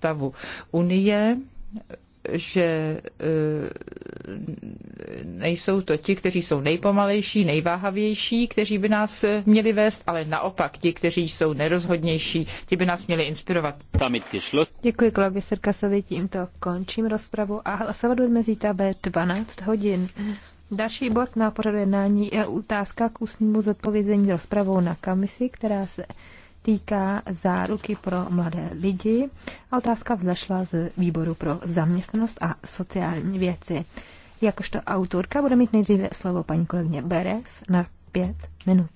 stavu Unie, že eh, nejsou to ti, kteří jsou nejpomalejší, nejváhavější, kteří by nás eh, měli vést, ale naopak ti, kteří jsou nerozhodnější, ti by nás měli inspirovat. Děkuji kolegovi Serkasovi, tímto končím rozpravu a hlasovat budeme zítra ve 12 hodin. Další bod na pořadu jednání je otázka k ústnímu zodpovězení rozpravou na kamisi, která se týká záruky pro mladé lidi a otázka vzešla z výboru pro zaměstnanost a sociální věci. Jakožto autorka bude mít nejdříve slovo paní kolegyně Beres na pět minut.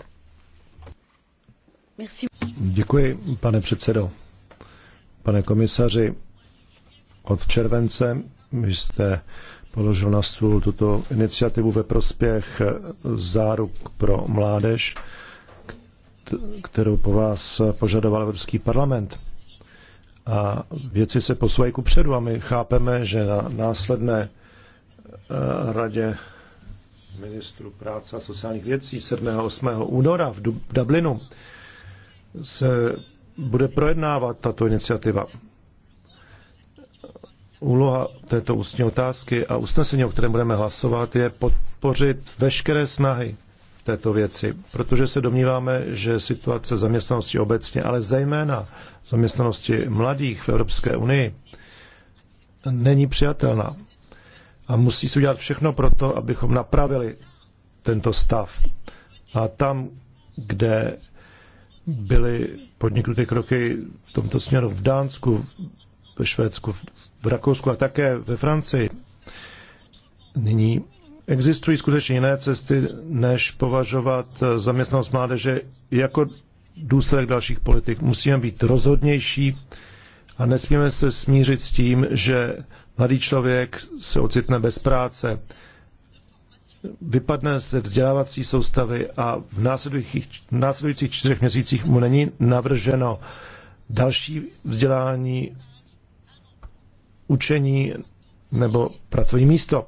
Děkuji, pane předsedo. Pane komisaři, od července jste položil na stůl tuto iniciativu ve prospěch záruk pro mládež kterou po vás požadoval Evropský parlament. A věci se posouvají ku předu a my chápeme, že na následné eh, radě ministru práce a sociálních věcí 7. a 8. února v Dublinu se bude projednávat tato iniciativa. Úloha této ústní otázky a usnesení, o kterém budeme hlasovat, je podpořit veškeré snahy této věci, protože se domníváme, že situace zaměstnanosti obecně, ale zejména zaměstnanosti mladých v Evropské unii, není přijatelná. A musí se udělat všechno pro to, abychom napravili tento stav. A tam, kde byly podniknuty kroky v tomto směru v Dánsku, ve Švédsku, v Rakousku a také ve Francii, nyní Existují skutečně jiné cesty, než považovat eh, zaměstnanost mládeže jako důsledek dalších politik. Musíme být rozhodnější a nesmíme se smířit s tím, že mladý člověk se ocitne bez práce, vypadne ze vzdělávací soustavy a v následujících, v následujících čtyřech měsících mu není navrženo další vzdělání, učení nebo pracovní místo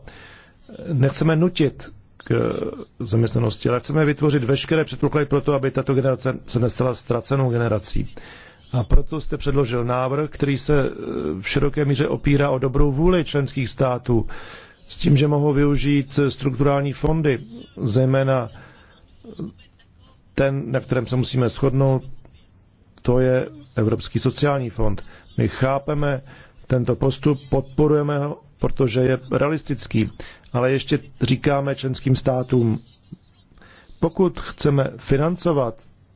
nechceme nutit k zaměstnanosti, ale chceme vytvořit veškeré předpoklady pro to, aby tato generace se nestala ztracenou generací. A proto jste předložil návrh, který se e, v široké míře opírá o dobrou vůli členských států, s tím, že mohou využít strukturální fondy, zejména ten, na kterém se musíme shodnout, to je Evropský sociální fond. My chápeme tento postup, podporujeme ho protože je realistický. Ale ještě říkáme členským státům, pokud chceme financovat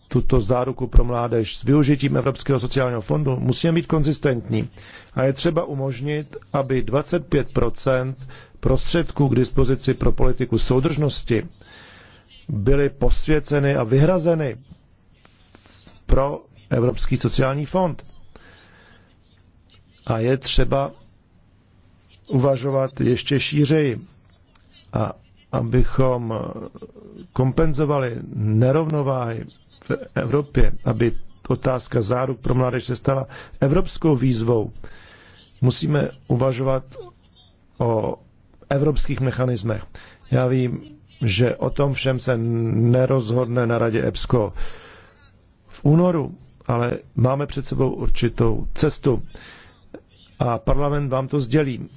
tuto záruku pro mládež s využitím Evropského sociálního fondu, musíme být konzistentní. A je třeba umožnit, aby 25 prostředků k dispozici pro politiku soudržnosti byly posvěceny a vyhrazeny pro Evropský sociální fond. A je třeba uvažovat ještě šířeji a abychom kompenzovali nerovnováhy v Evropě, aby otázka záruk pro mládež se stala evropskou výzvou. Musíme uvažovat o evropských mechanismech. Já vím, že o tom všem se nerozhodne na radě EPSCO v únoru, ale máme před sebou určitou cestu a parlament vám to sdělí.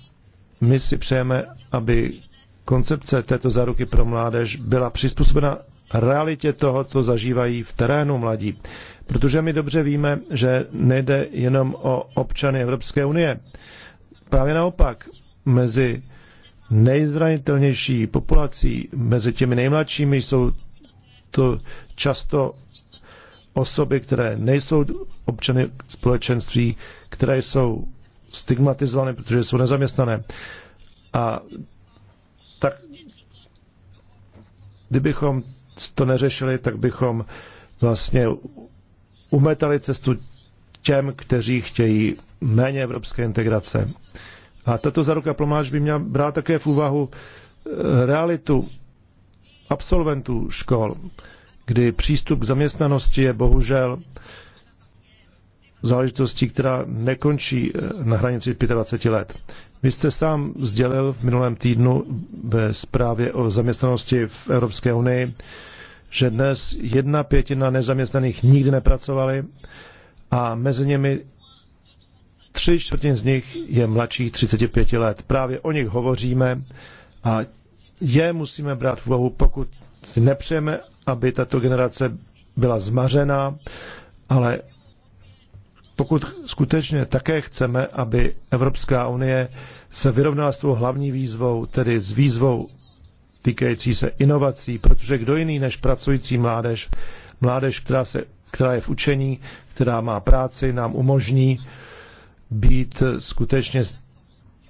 My si přejeme, aby koncepce této záruky pro mládež byla přizpůsobena realitě toho, co zažívají v terénu mladí. Protože my dobře víme, že nejde jenom o občany Evropské unie. Právě naopak, mezi nejzranitelnější populací, mezi těmi nejmladšími jsou to často osoby, které nejsou občany společenství, které jsou stigmatizované, protože jsou nezaměstnané. A tak kdybychom to neřešili, tak bychom vlastně umetali cestu těm, kteří chtějí méně evropské integrace. A tato zaruka pro by měla brát také v úvahu e, realitu absolventů škol, kdy přístup k zaměstnanosti je bohužel záležitostí, která nekončí eh, na hranici 25 let. Vy jste sám sdělil v minulém týdnu ve zprávě o zaměstnanosti v Evropské unii, že dnes jedna pětina nezaměstnaných nikdy nepracovali a mezi nimi tři čtvrtin z nich je mladší 35 let. Právě o nich hovoříme a je musíme brát v úvahu, pokud si nepřejeme, aby tato generace byla zmařena, ale pokud skutečně také chceme, aby Evropská unie se vyrovnala s tou hlavní výzvou, tedy s výzvou týkající se inovací, protože kdo jiný než pracující mládež, mládež, která, se, která je v učení, která má práci, nám umožní být skutečně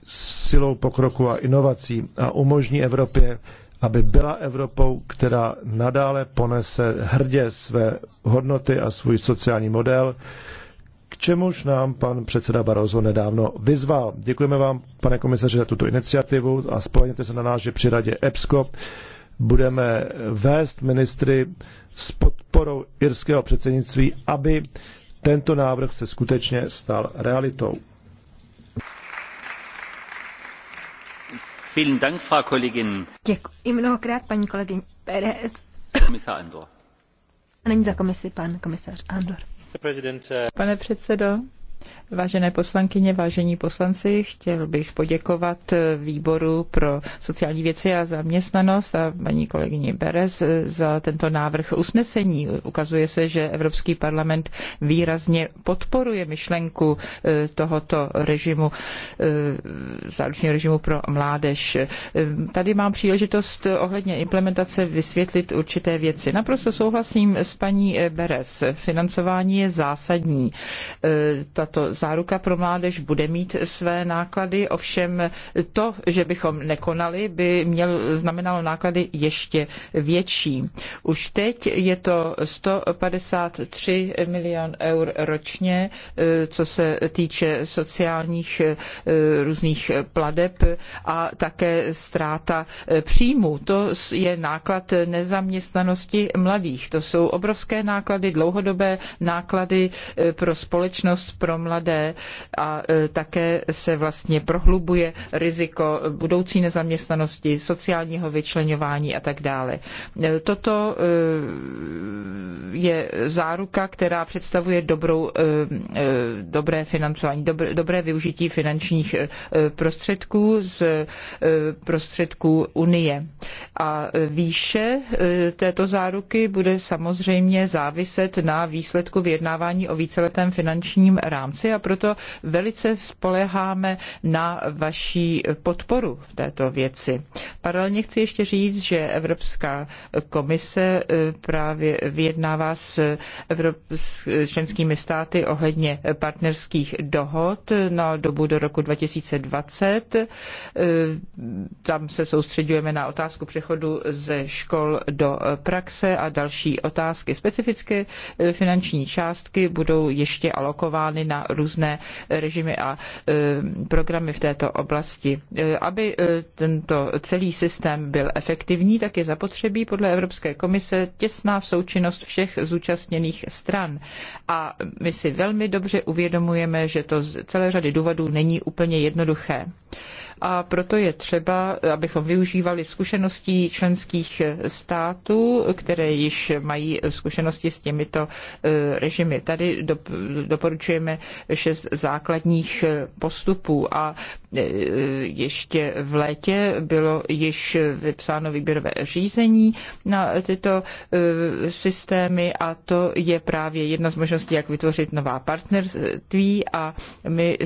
silou pokroku a inovací a umožní Evropě, aby byla Evropou, která nadále ponese hrdě své hodnoty a svůj sociální model, k čemuž nám pan předseda Barroso nedávno vyzval. Děkujeme vám, pane komisaři, za tuto iniciativu a spolehněte se na nás, že při radě EPSCO budeme vést ministry s podporou irského předsednictví, aby tento návrh se skutečně stal realitou. Děkuji mnohokrát, paní kolegyně Pérez. Komisar Andor. není za komisi pan komisař Andor. Pane předsedo, Vážené poslankyně, vážení poslanci, chtěl bych poděkovat výboru pro sociální věci a zaměstnanost a paní kolegyni Beres za tento návrh usnesení. Ukazuje se, že Evropský parlament výrazně podporuje myšlenku eh, tohoto režimu, eh, záručního režimu pro mládež. Eh, tady mám příležitost ohledně implementace vysvětlit určité věci. Naprosto souhlasím s paní Beres. Financování je zásadní. Tato záruka pro mládež bude mít své náklady, ovšem to, že bychom nekonali, by měl, znamenalo náklady ještě větší. Už teď je to 153 milion eur ročně, eh, co se týče sociálních eh, různých pladeb a také ztráta eh, příjmů. To je náklad nezaměstnanosti mladých. To jsou obrovské náklady, dlouhodobé náklady pro společnost, pro mladé mladé a e, také se vlastně prohlubuje riziko budoucí nezaměstnanosti, sociálního vyčlenování a tak dále. E, toto e, je záruka, která představuje dobrou, dobré financování, dobré, dobré využití finančních prostředků z prostředků Unie. A výše této záruky bude samozřejmě záviset na výsledku vyjednávání o víceletém finančním rámci a proto velice spoleháme na vaší podporu v této věci. Paralelně chci ještě říct, že Evropská komise eh, právě vyjednává s, Evrop, s členskými státy ohledně partnerských dohod na dobu do roku 2020. Eh, tam se soustředujeme na otázku přechodu ze škol do praxe a další otázky. Specifické eh, finanční částky budou ještě alokovány na různé různé režimy a eh, programy v této oblasti. Eh, aby eh, tento celý systém byl efektivní, tak je zapotřebí podle Evropské komise těsná součinnost všech zúčastněných stran. A my si velmi dobře uvědomujeme, že to z celé řady důvodů není úplně jednoduché a proto je třeba, abychom využívali zkušeností členských států, které již mají zkušenosti s těmito e, režimy. Tady doporučujeme šest základních e, postupů a e, ještě v létě bylo již vypsáno výběrové řízení na tyto systémy a to je právě jedna z možností, jak vytvořit nová partnerství a my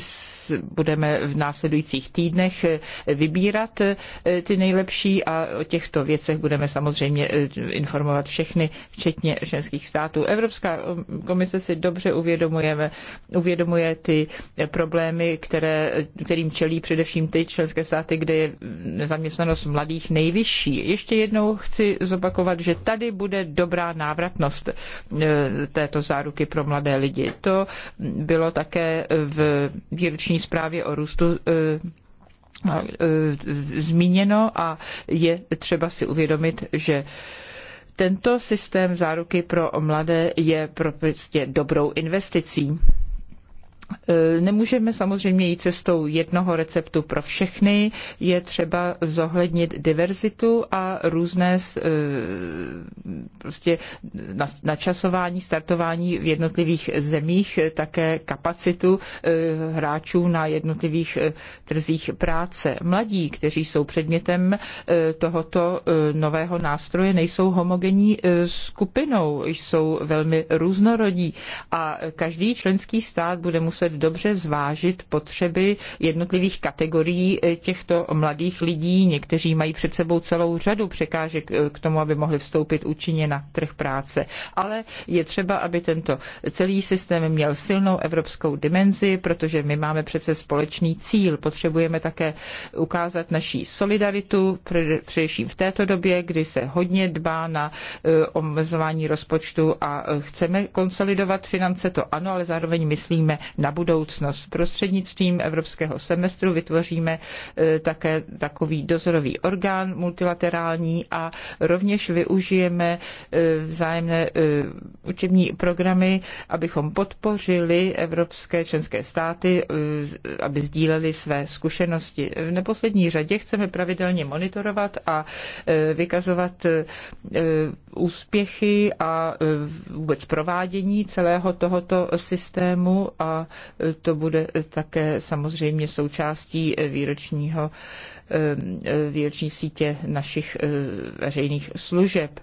budeme v následujících týdnech Eh, vybírat eh, ty nejlepší a o těchto věcech budeme samozřejmě eh, informovat všechny, včetně členských států. Evropská komise si dobře uvědomujeme, uvědomuje ty problémy, které, kterým čelí především ty členské státy, kde je nezaměstnanost mladých nejvyšší. Ještě jednou chci zopakovat, že tady bude dobrá návratnost této záruky pro mladé lidi. To bylo také v výroční zprávě o růstu E, zmíněno a je třeba si uvědomit, že tento systém záruky pro mladé je prostě dobrou investicí. E, nemůžeme samozřejmě jít cestou jednoho receptu pro všechny, je třeba zohlednit diverzitu a různé e, prostě načasování, startování v jednotlivých zemích, e, také kapacitu hráčů na jednotlivých trzích práce. Mladí, kteří jsou předmětem tohoto nového nástroje, nejsou homogenní skupinou, jsou velmi různorodí a každý členský stát bude muset muset dobře zvážit potřeby jednotlivých kategorií eh, těchto mladých lidí. Někteří mají před sebou celou řadu překážek eh, k tomu, aby mohli vstoupit účinně na trh práce. Ale je třeba, aby tento celý systém měl silnou evropskou dimenzi, protože my máme přece společný cíl. Potřebujeme také ukázat naší solidaritu, především v této době, kdy se hodně dbá na eh, omezování rozpočtu a chceme konsolidovat finance, to ano, ale zároveň myslíme na na budoucnost. Prostřednictvím evropského semestru vytvoříme e, také takový dozorový orgán multilaterální a rovněž využijeme e, vzájemné e, učební programy, abychom podpořili evropské členské státy, aby sdíleli své zkušenosti. V neposlední řadě chceme pravidelně monitorovat a vykazovat úspěchy a vůbec provádění celého tohoto systému a to bude také samozřejmě součástí výročního Ehm, eh, výroční sítě našich eh, veřejných služeb.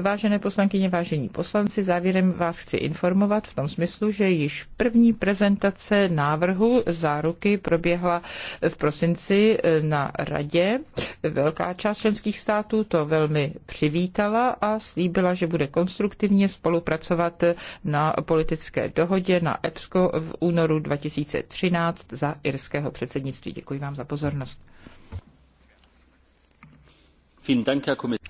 Vážené poslankyně, vážení poslanci, závěrem vás chci informovat v tom smyslu, že již první prezentace návrhu záruky proběhla v prosinci eh, na radě. Velká část členských států to velmi přivítala a slíbila, že bude konstruktivně spolupracovat na politické dohodě na EPSCO v únoru 2013 za irského předsednictví. Děkuji vám za pozornost.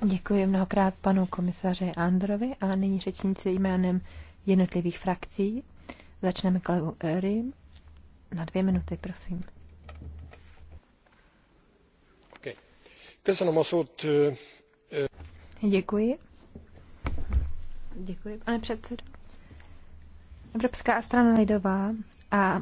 Děkuji mnohokrát panu komisaři Androvi a nyní řečníci jménem jednotlivých frakcí. Začneme kolegu Ery. Na dvě minuty, prosím. Děkuji. Děkuji, pane předsedo. Evropská strana lidová a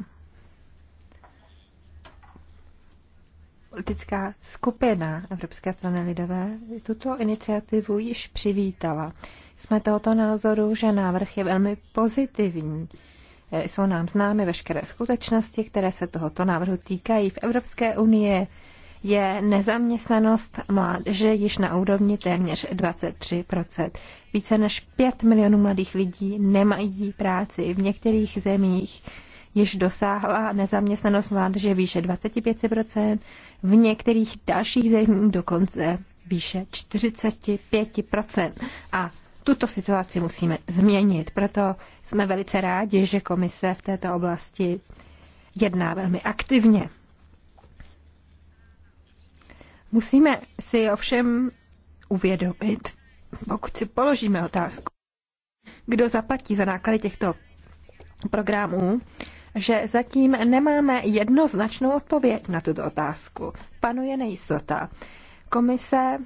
politická skupina Evropské strany lidové tuto iniciativu již přivítala. Jsme tohoto názoru, že návrh je velmi pozitivní. E, jsou nám známy veškeré skutečnosti, které se tohoto návrhu týkají. V Evropské unii je nezaměstnanost mládeže již na úrovni téměř 23 Více než 5 milionů mladých lidí nemají práci. V některých zemích již dosáhla nezaměstnanost mládeže výše 25%, v některých dalších zemích dokonce výše 45%. A tuto situaci musíme změnit. Proto jsme velice rádi, že komise v této oblasti jedná velmi aktivně. Musíme si ovšem uvědomit, pokud si položíme otázku, kdo zaplatí za náklady těchto programů, že zatím nemáme jednoznačnou odpověď na tuto otázku. Panuje nejistota. Komise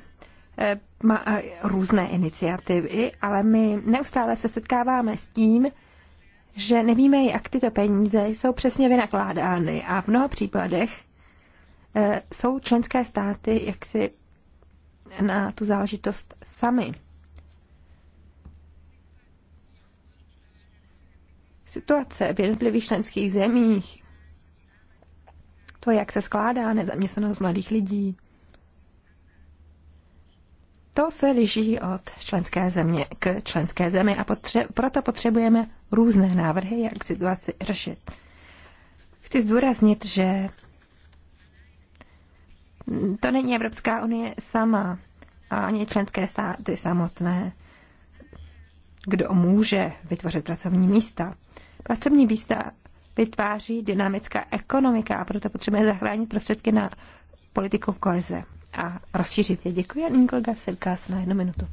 eh, má eh, různé iniciativy, ale my neustále se setkáváme s tím, že nevíme, jak tyto peníze jsou přesně vynakládány a v mnoha případech eh, jsou členské státy jaksi na tu záležitost sami. situace v jednotlivých členských zemích, to, jak se skládá nezaměstnanost mladých lidí, to se liší od členské země k členské zemi a potře- proto potřebujeme různé návrhy, jak situaci řešit. Chci zdůraznit, že to není Evropská unie sama a ani členské státy samotné kdo může vytvořit pracovní místa. Pracovní místa vytváří dynamická ekonomika a proto potřebujeme zachránit prostředky na politiku koheze a rozšířit je. Děkuji a nyní kolega Sirkás na jednu minutu.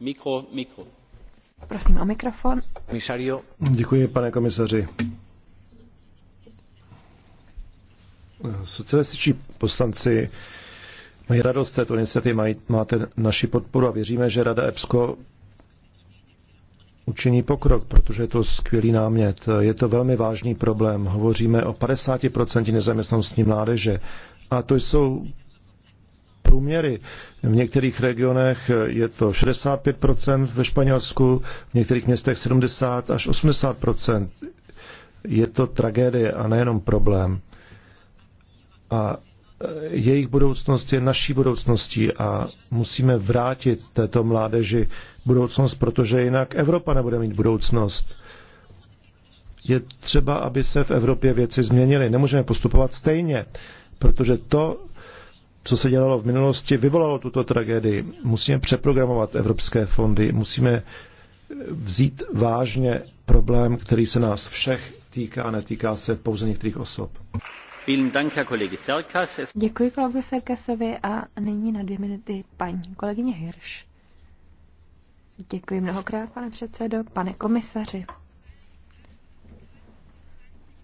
Mikro, mikro. Prosím o mikrofon. Mišario. Děkuji, pane komisaři. Socialističní poslanci mají radost této iniciativy, mají, máte naši podporu a věříme, že Rada EPSCO učiní pokrok, protože je to skvělý námět. Je to velmi vážný problém. Hovoříme o 50% nezaměstnanosti mládeže a to jsou průměry. V některých regionech je to 65%, ve Španělsku, v některých městech 70 až 80%. Je to tragédie a nejenom problém. A jejich budoucnost je naší budoucností a musíme vrátit této mládeži budoucnost, protože jinak Evropa nebude mít budoucnost. Je třeba, aby se v Evropě věci změnily. Nemůžeme postupovat stejně, protože to, co se dělalo v minulosti, vyvolalo tuto tragédii. Musíme přeprogramovat evropské fondy, musíme vzít vážně problém, který se nás všech týká, netýká se pouze některých osob. Děkuji kolegu Serkasovi a nyní na dvě minuty paní kolegyně Hirš. Děkuji mnohokrát, pane předsedo, pane komisaři.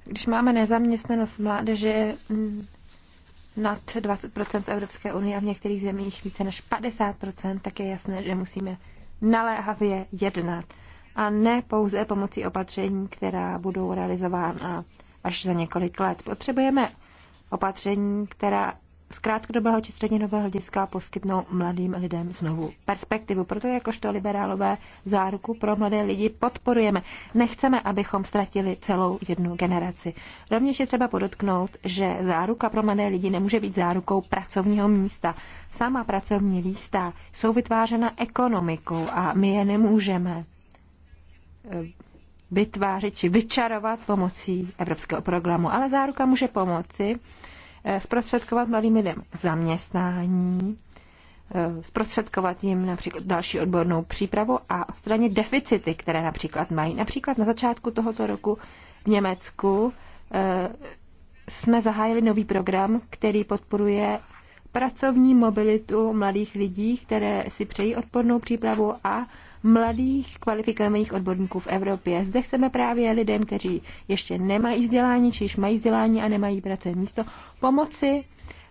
Když máme nezaměstnanost mládeže mm, nad 20% v Evropské unie a v některých zemích více než 50%, tak je jasné, že musíme naléhavě jednat. A ne pouze pomocí opatření, která budou realizována až za několik let. Potřebujeme opatření, která z krátkodobého či střednědobého hlediska poskytnou mladým lidem znovu perspektivu. Proto jakožto liberálové záruku pro mladé lidi podporujeme. Nechceme, abychom ztratili celou jednu generaci. Rovněž je třeba podotknout, že záruka pro mladé lidi nemůže být zárukou pracovního místa. Sama pracovní místa jsou vytvářena ekonomikou a my je nemůžeme eh, vytvářet či vyčarovat pomocí evropského programu. Ale záruka může pomoci eh, zprostředkovat mladým lidem zaměstnání, eh, zprostředkovat jim například další odbornou přípravu a odstranit deficity, které například mají. Například na začátku tohoto roku v Německu eh, jsme zahájili nový program, který podporuje pracovní mobilitu mladých lidí, které si přejí odbornou přípravu a mladých kvalifikovaných odborníků v Evropě. Zde chceme právě lidem, kteří ještě nemají vzdělání, či již mají vzdělání a nemají pracovní místo, pomoci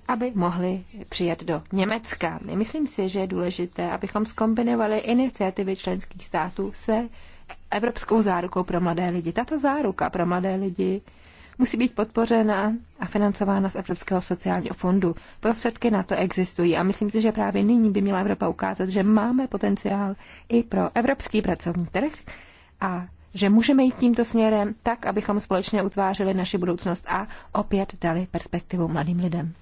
aby mohli přijet do Německa. Myslím si, že je důležité, abychom skombinovali iniciativy členských států se Evropskou zárukou pro mladé lidi. Tato záruka pro mladé lidi musí být podpořena a financována z Evropského sociálního fondu. Prostředky na to existují a myslím si, že právě nyní by měla Evropa ukázat, že máme potenciál i pro evropský pracovní trh a že můžeme jít tímto směrem tak, abychom společně utvářeli naši budoucnost a opět dali perspektivu mladým lidem.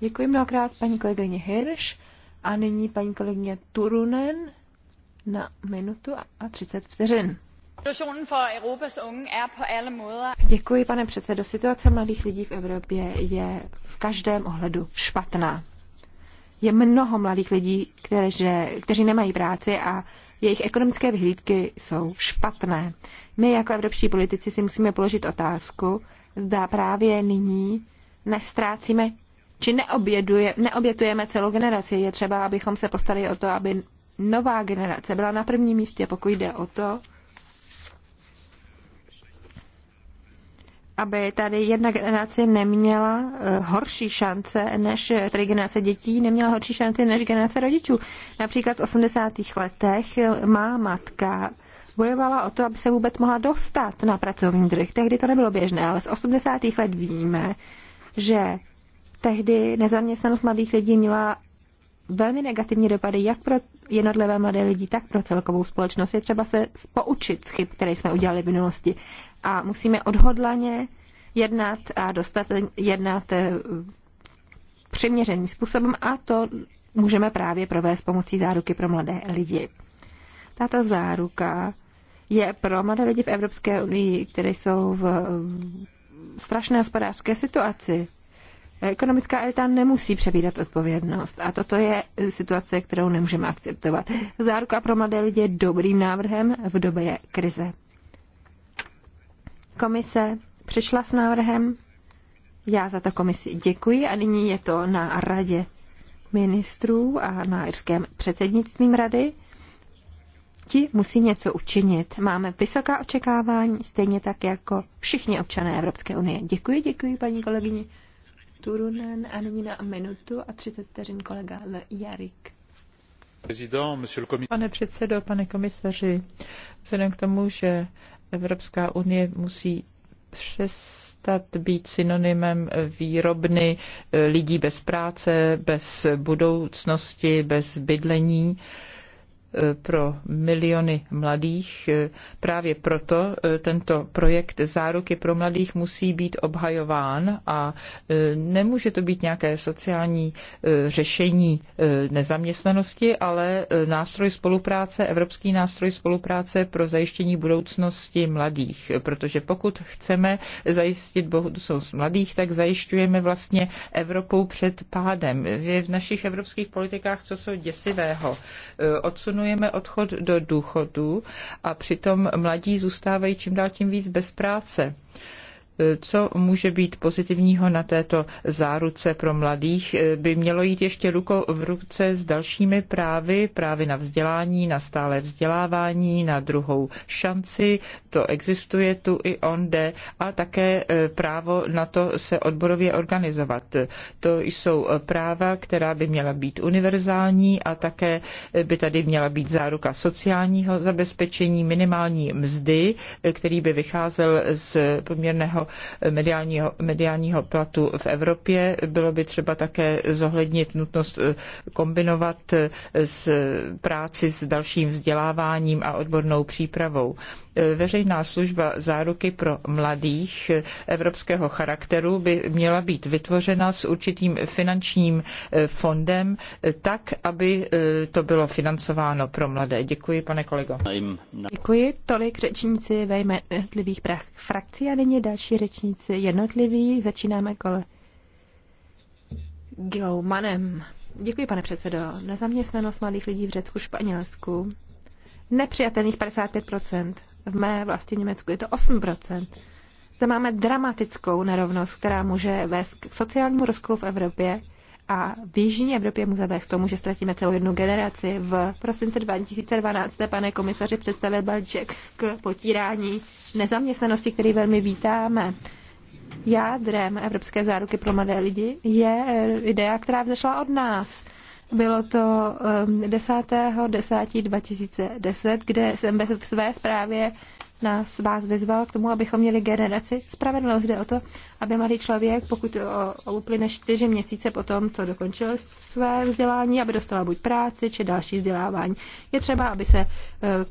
Děkuji mnohokrát paní kolegyně Hirsch a nyní paní kolegyně Turunen na minutu a 30 vteřin. Er Děkuji, pane předsedo. Situace mladých lidí v Evropě je v každém ohledu špatná. Je mnoho mladých lidí, kteří, kteří nemají práci a jejich ekonomické vyhlídky jsou špatné. My jako evropští politici si musíme položit otázku, zda právě nyní nestrácíme či neobětujeme celou generaci. Je třeba, abychom se postali o to, aby nová generace byla na prvním místě, pokud jde o to, aby tady jedna generace neměla eh, horší šance než, eh, tady generace dětí neměla horší šance než generace rodičů. Například v 80. letech eh, má matka bojovala o to, aby se vůbec mohla dostat na pracovní trh. Tehdy to nebylo běžné, ale z 80. let víme, že tehdy nezaměstnanost mladých lidí měla velmi negativní dopady jak pro jednotlivé mladé lidi, tak pro celkovou společnost. Je třeba se poučit z chyb, které jsme udělali v minulosti a musíme odhodlaně jednat a dostat, jednat eh, přiměřeným způsobem a to můžeme právě provést pomocí záruky pro mladé lidi. Tato záruka je pro mladé lidi v Evropské unii, které jsou v strašné hospodářské situaci. Ekonomická elita nemusí přebírat odpovědnost a toto je situace, kterou nemůžeme akceptovat. Záruka pro mladé lidi je dobrým návrhem v době krize. Komise přišla s návrhem. Já za to komisi děkuji a nyní je to na radě ministrů a na irském předsednictvím rady. Ti musí něco učinit. Máme vysoká očekávání, stejně tak jako všichni občané Evropské unie. Děkuji, děkuji paní kolegyni Turunen a nyní na minutu a 30 vteřin kolega L. Jarik. Pane předsedo, pane komisaři, vzhledem k tomu, že Evropská unie musí přestat být synonymem výrobny eh, lidí bez práce, bez budoucnosti, bez bydlení pro miliony mladých. Právě proto eh, tento projekt záruky pro mladých musí být obhajován a eh, nemůže to být nějaké sociální eh, řešení nezaměstnanosti, ale nástroj spolupráce, evropský nástroj spolupráce pro zajištění budoucnosti mladých. Protože pokud chceme zajistit budoucnost mladých, tak zajišťujeme vlastně Evropou před pádem. v našich evropských politikách co jsou děsivého. Odsun posunujeme odchod do důchodu a přitom mladí zůstávají čím dál tím víc bez práce co může být pozitivního na této záruce pro mladých, by mělo jít ještě ruko v ruce s dalšími právy, právy na vzdělání, na stále vzdělávání, na druhou šanci, to existuje tu i onde, a také e, právo na to se odborově organizovat. To jsou práva, která by měla být univerzální a také by tady měla být záruka sociálního zabezpečení, minimální mzdy, e, který by vycházel z poměrného mediálního, mediálního platu v Evropě. Bylo by třeba také zohlednit nutnost eh, kombinovat eh, s práci s dalším vzděláváním a odbornou přípravou veřejná služba záruky pro mladých evropského charakteru by měla být vytvořena s určitým finančním e, fondem e, tak, aby e, to bylo financováno pro mladé. Děkuji, pane kolego. Děkuji. Tolik řečníci ve jednotlivých frakcí a nyní další řečníci jednotliví. Začínáme kole Gilmanem. Děkuji, pane předsedo. Nezaměstnanost mladých lidí v Řecku, Španělsku nepřijatelných 55 v mé vlasti Německu je to 8%. Zde máme dramatickou nerovnost, která může vést k sociálnímu rozkolu v Evropě a v Jižní Evropě může vést k tomu, že ztratíme celou jednu generaci. V prosince 2012 pane komisaři představil balíček k potírání nezaměstnanosti, který velmi vítáme. Jádrem Evropské záruky pro mladé lidi je idea, která vzešla od nás – bylo to 10.10.2010, ehm, kde jsem ve své zprávě nás vás vyzval k tomu, abychom měli generaci spravedlnost. Jde o to, aby mladý člověk, pokud o, o uplyne čtyři měsíce po tom, co dokončil své vzdělání, aby dostala buď práci, či další vzdělávání. Je třeba, aby se e,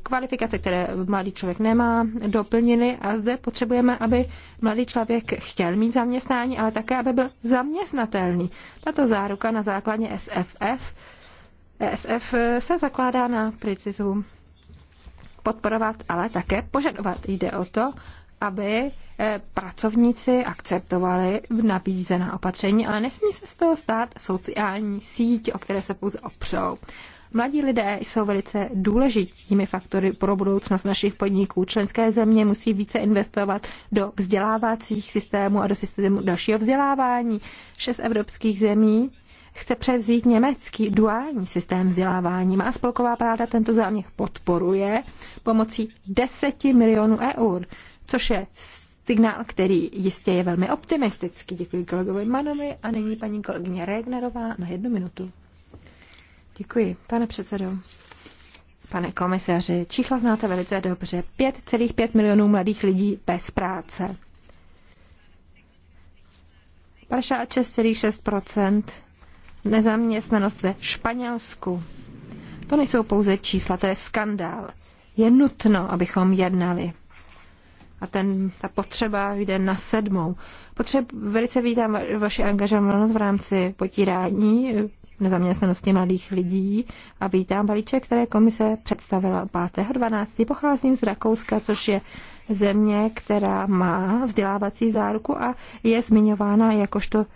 kvalifikace, které mladý člověk nemá, doplnily a zde potřebujeme, aby mladý člověk chtěl mít zaměstnání, ale také, aby byl zaměstnatelný. Tato záruka na základě SFF, SF e, se zakládá na precizu podporovat, ale také požadovat. Jde o to, aby eh, pracovníci akceptovali nabízená opatření, ale nesmí se z toho stát sociální síť, o které se pouze opřou. Mladí lidé jsou velice důležitými faktory pro budoucnost našich podniků. Členské země musí více investovat do vzdělávacích systémů a do systému dalšího vzdělávání. Šest evropských zemí chce převzít německý duální systém vzdělávání. Má spolková práda tento záměr podporuje pomocí 10 milionů eur, což je signál, který jistě je velmi optimistický. Děkuji kolegovi Manovi a nyní paní kolegyně Regnerová na jednu minutu. Děkuji, pane předsedo. Pane komisaři, čísla znáte velice dobře. 5,5 milionů mladých lidí bez práce nezaměstnanost ve Španělsku. To nejsou pouze čísla, to je skandál. Je nutno, abychom jednali. A ten, ta potřeba jde na sedmou. Potřeb, velice vítám vaši angažovanost v rámci potírání eh, nezaměstnanosti mladých lidí a vítám balíček, které komise představila 5.12. Pocházím z Rakouska, což je země, která má vzdělávací záruku a je zmiňována jakožto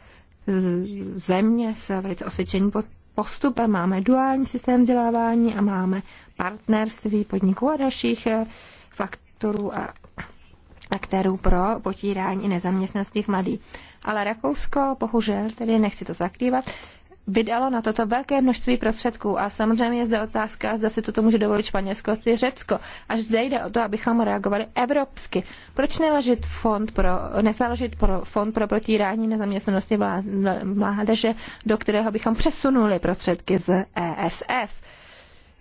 země se velice pod postupem. Máme duální systém vzdělávání a máme partnerství podniků a dalších eh, faktorů a aktérů pro potírání nezaměstnanosti mladých. Ale Rakousko, bohužel, tedy nechci to zakrývat, vydalo na toto velké množství prostředků. A samozřejmě je zde otázka, zda si toto může dovolit Španělsko, ty Řecko. Až zde jde o to, abychom reagovali evropsky. Proč neležit fond pro, nezaložit pro, fond pro protírání nezaměstnanosti mládeže, do kterého bychom přesunuli prostředky z ESF?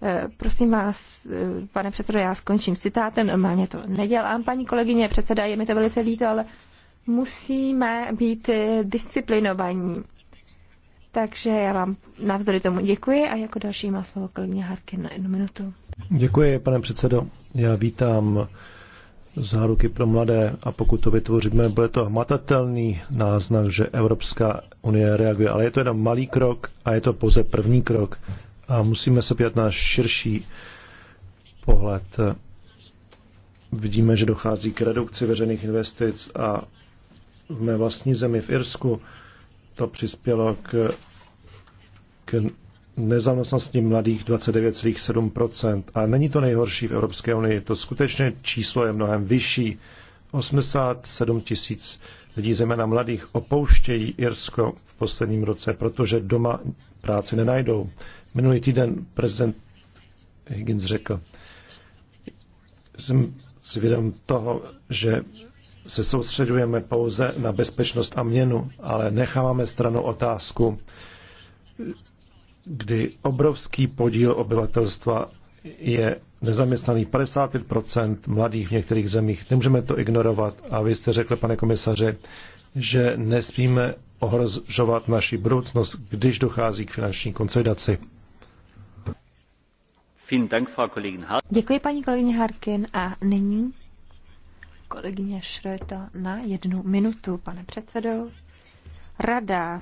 Eh, prosím vás, eh, pane předsedo, já skončím citátem, normálně to nedělám. Paní kolegyně předseda, je mi to velice líto, ale musíme být eh, disciplinovaní takže já vám navzdory tomu děkuji a jako další má slovo kolegyně Harkin na jednu minutu. Děkuji, pane předsedo. Já vítám záruky pro mladé a pokud to vytvoříme, bude to hmatatelný náznak, že Evropská unie reaguje. Ale je to jenom malý krok a je to pouze první krok a musíme se pět na širší pohled. Vidíme, že dochází k redukci veřejných investic a v mé vlastní zemi v Irsku to přispělo k, k nezaměstnanosti mladých 29,7%. A není to nejhorší v Evropské unii, to skutečně číslo je mnohem vyšší. 87 tisíc lidí, zejména mladých, opouštějí Irsko v posledním roce, protože doma práci nenajdou. Minulý týden prezident Higgins řekl, jsem si vědom toho, že se soustředujeme pouze na bezpečnost a měnu, ale necháváme stranu otázku, kdy obrovský podíl obyvatelstva je nezaměstnaný 55% mladých v některých zemích. Nemůžeme to ignorovat. A vy jste řekl, pane komisaři, že nesmíme ohrožovat naši budoucnost, když dochází k finanční konsolidaci. Děkuji paní kolegyně Harkin a nyní kolegyně Šreta na jednu minutu, pane předsedo. Rada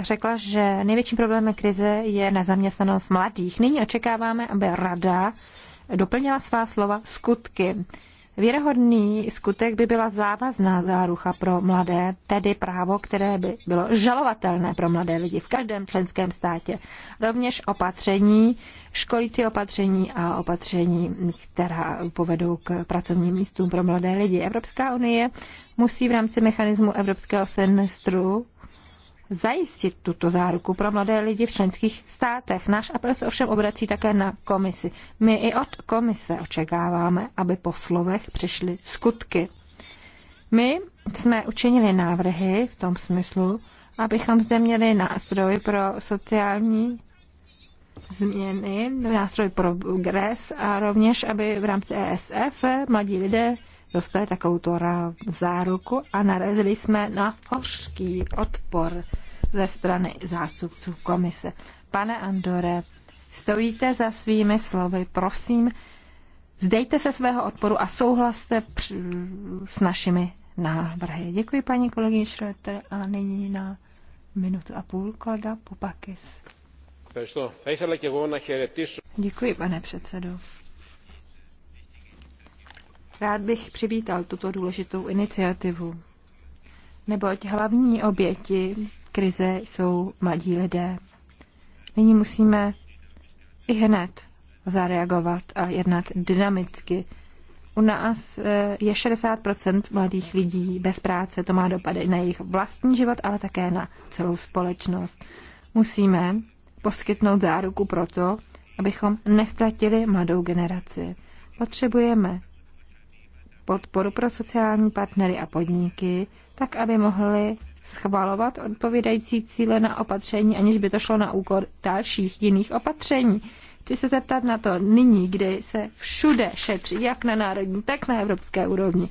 řekla, že největším problémem krize je nezaměstnanost mladých. Nyní očekáváme, aby rada doplnila svá slova skutky. Věrohodný skutek by byla závazná zárucha pro mladé, tedy právo, které by bylo žalovatelné pro mladé lidi v každém členském státě. Rovněž opatření, školící opatření a opatření, která povedou k pracovním místům pro mladé lidi. Evropská unie musí v rámci mechanismu Evropského semestru zajistit tuto záruku pro mladé lidi v členských státech. Náš apel se ovšem obrací také na komisi. My i od komise očekáváme, aby po slovech přišly skutky. My jsme učinili návrhy v tom smyslu, abychom zde měli nástroj pro sociální změny, nástroj pro progres a rovněž, aby v rámci ESF mladí lidé dostali takovou záruku a narazili jsme na hořký odpor ze strany zástupců komise. Pane Andore, stojíte za svými slovy, prosím, zdejte se svého odporu a souhlaste s našimi návrhy. Děkuji paní kolegyni Schroeter a nyní na minutu a půl kolega Popakis. Děkuji, pane předsedo. Rád bych přivítal tuto důležitou iniciativu, neboť hlavní oběti krize jsou mladí lidé. Nyní musíme i hned zareagovat a jednat dynamicky. U nás eh, je 60 mladých lidí bez práce. To má dopady na jejich vlastní život, ale také na celou společnost. Musíme poskytnout záruku pro to, abychom nestratili mladou generaci. Potřebujeme podporu pro sociální partnery a podniky, tak aby mohli schvalovat odpovídající cíle na opatření, aniž by to šlo na úkor dalších jiných opatření. Chci se zeptat na to nyní, kdy se všude šetří, jak na národní, tak na evropské úrovni.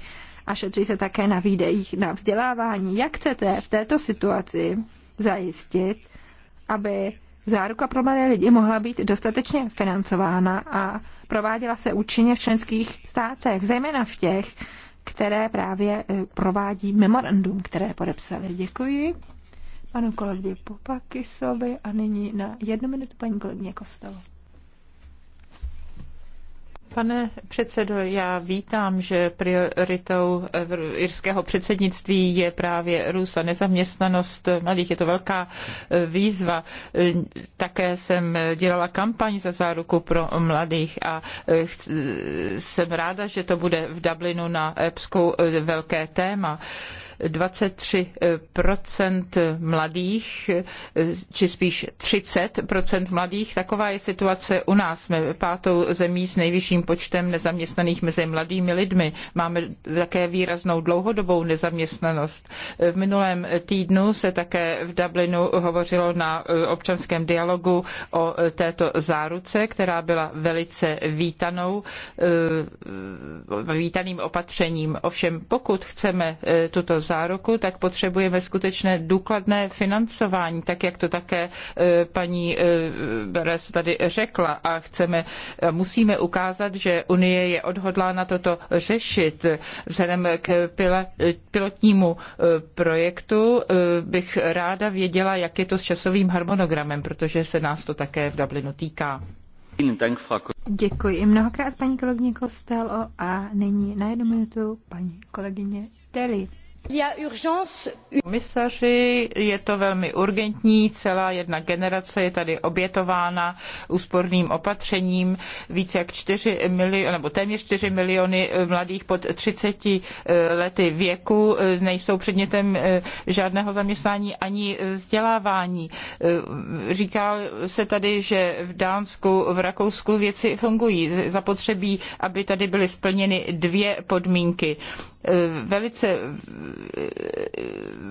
A šetří se také na výdejích, na vzdělávání. Jak chcete v této situaci zajistit, aby záruka pro mladé lidi mohla být dostatečně financována a prováděla se účinně v členských státech, zejména v těch, které právě e, provádí memorandum, které podepsali. Děkuji panu kolegovi Popakisovi a nyní na jednu minutu paní kolegyně Kostelo. Pane předsedo, já vítám, že prioritou irského předsednictví je právě růst a nezaměstnanost mladých. Je to velká e, výzva. E, také jsem dělala kampaň za záruku pro mladých a e, jsem ráda, že to bude v Dublinu na EPSku velké téma. 23 mladých, či spíš 30 mladých. Taková je situace u nás. Jsme pátou zemí s nejvyšším počtem nezaměstnaných mezi mladými lidmi. Máme také výraznou dlouhodobou nezaměstnanost. V minulém týdnu se také v Dublinu hovořilo na občanském dialogu o této záruce, která byla velice vítanou, eh, vítaným opatřením. Ovšem, pokud chceme eh, tuto záruku, tak potřebujeme skutečné důkladné financování, tak jak to také e, paní e, Beres tady řekla. A chceme, musíme ukázat, že Unie je odhodlána toto řešit. Vzhledem k pilotnímu e, projektu bych ráda věděla, jak je to s časovým harmonogramem, protože se nás to také v Dublinu týká. Děkuji mnohokrát paní kolegyně Kostelo a nyní na jednu minutu paní kolegyně Deli. Komisaři, je to velmi urgentní, celá jedna generace je tady obětována úsporným opatřením. Více jak 4 miliony, nebo téměř 4 miliony eh, mladých pod 30 eh, lety věku eh, nejsou předmětem žádného zaměstnání ani vzdělávání. Říká se tady, že v Dánsku, v Rakousku věci fungují. Zapotřebí, aby tady byly splněny dvě podmínky velice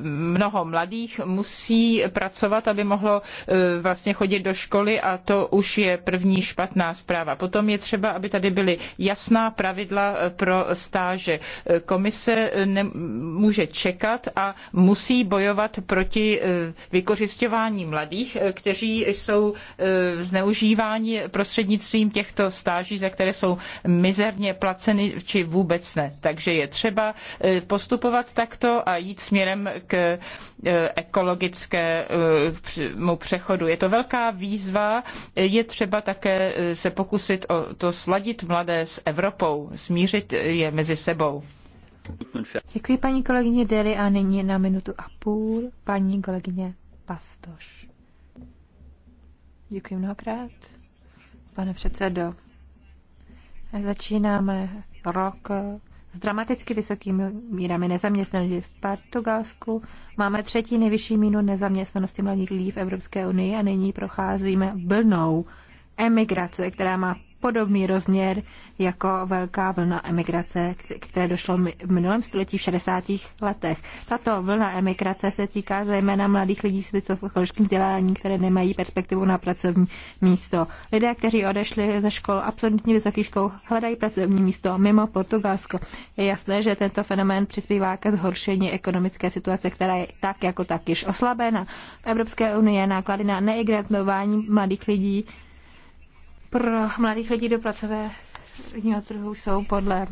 mnoho mladých musí pracovat, aby mohlo eh, vlastně chodit do školy a to už je první špatná zpráva. Potom je třeba, aby tady byly jasná pravidla eh, pro stáže. Eh, komise může čekat a musí bojovat proti vykořišťování mladých, kteří jsou zneužíváni prostřednictvím těchto stáží, za které jsou mizerně placeny či vůbec ne. Takže je třeba třeba e, postupovat takto a jít směrem k e, ekologickému e, přechodu. Je to velká výzva, je třeba také se pokusit o to sladit mladé s Evropou, smířit je mezi sebou. Děkuji paní kolegyně Deli a nyní na minutu a půl paní kolegyně Pastoš. Děkuji mnohokrát, pane předsedo. Začínáme rok s dramaticky vysokými mírami nezaměstnanosti. V Portugalsku máme třetí nejvyšší míru nezaměstnanosti mladých lidí v Evropské unii a nyní procházíme blnou emigrace, která má podobný rozměr jako velká vlna emigrace, které došlo v minulém století v 60. letech. Tato vlna emigrace se týká zejména mladých lidí s vysokoškolským vzděláním, které nemají perspektivu na pracovní místo. Lidé, kteří odešli ze škol absolutně vysokých škol, hledají pracovní místo mimo Portugalsko. Je jasné, že tento fenomén přispívá ke zhoršení ekonomické situace, která je tak jako tak již oslabena. V Evropské unie náklady na neigrantování mladých lidí pro mladých lidí do pracovního trhu jsou podle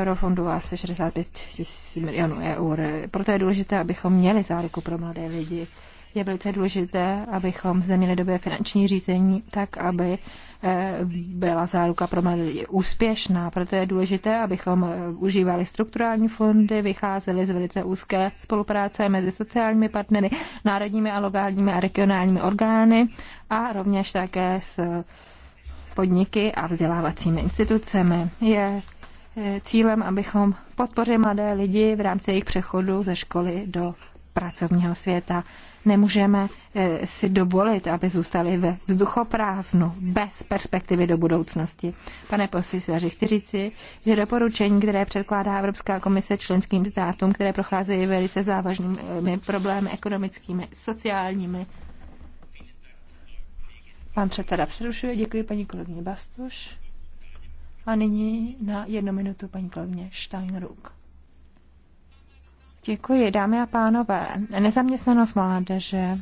Eurofondu asi 65 tisíc milionů eur. Proto je důležité, abychom měli záruku pro mladé lidi je velice důležité, abychom zde měli dobré finanční řízení, tak aby eh, byla záruka pro mladé lidi úspěšná. Proto je důležité, abychom eh, užívali strukturální fondy, vycházeli z velice úzké spolupráce mezi sociálními partnery, národními a lokálními a regionálními orgány a rovněž také s podniky a vzdělávacími institucemi. Je eh, cílem, abychom podpořili mladé lidi v rámci jejich přechodu ze školy do pracovního světa. Nemůžeme eh, si dovolit, aby zůstali ve vzduchoprázdnu, bez perspektivy do budoucnosti. Pane posisaři, chci říci, že doporučení, které předkládá Evropská komise členským státům, které procházejí velice závažnými eh, problémy ekonomickými, sociálními, Pan předseda přerušuje. Děkuji paní kolegyně Bastuš. A nyní na jednu minutu paní kolegyně Steinruck. Děkuji, dámy a pánové. Nezaměstnanost mládeže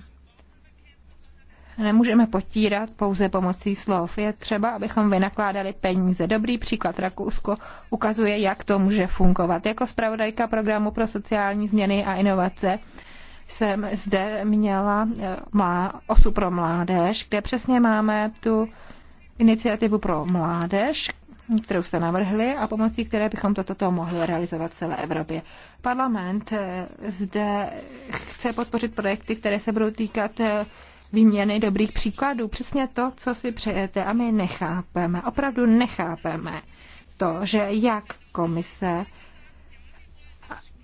nemůžeme potírat pouze pomocí slov. Je třeba, abychom vynakládali peníze. Dobrý příklad Rakousko ukazuje, jak to může fungovat. Jako zpravodajka programu pro sociální změny a inovace jsem zde měla eh, má osu pro mládež, kde přesně máme tu iniciativu pro mládež, kterou jste navrhli a pomocí které bychom toto to mohli realizovat v celé Evropě. Parlament eh, zde chce podpořit projekty, které se budou týkat eh, výměny dobrých příkladů. Přesně to, co si přejete a my nechápeme, opravdu nechápeme to, že jak komise,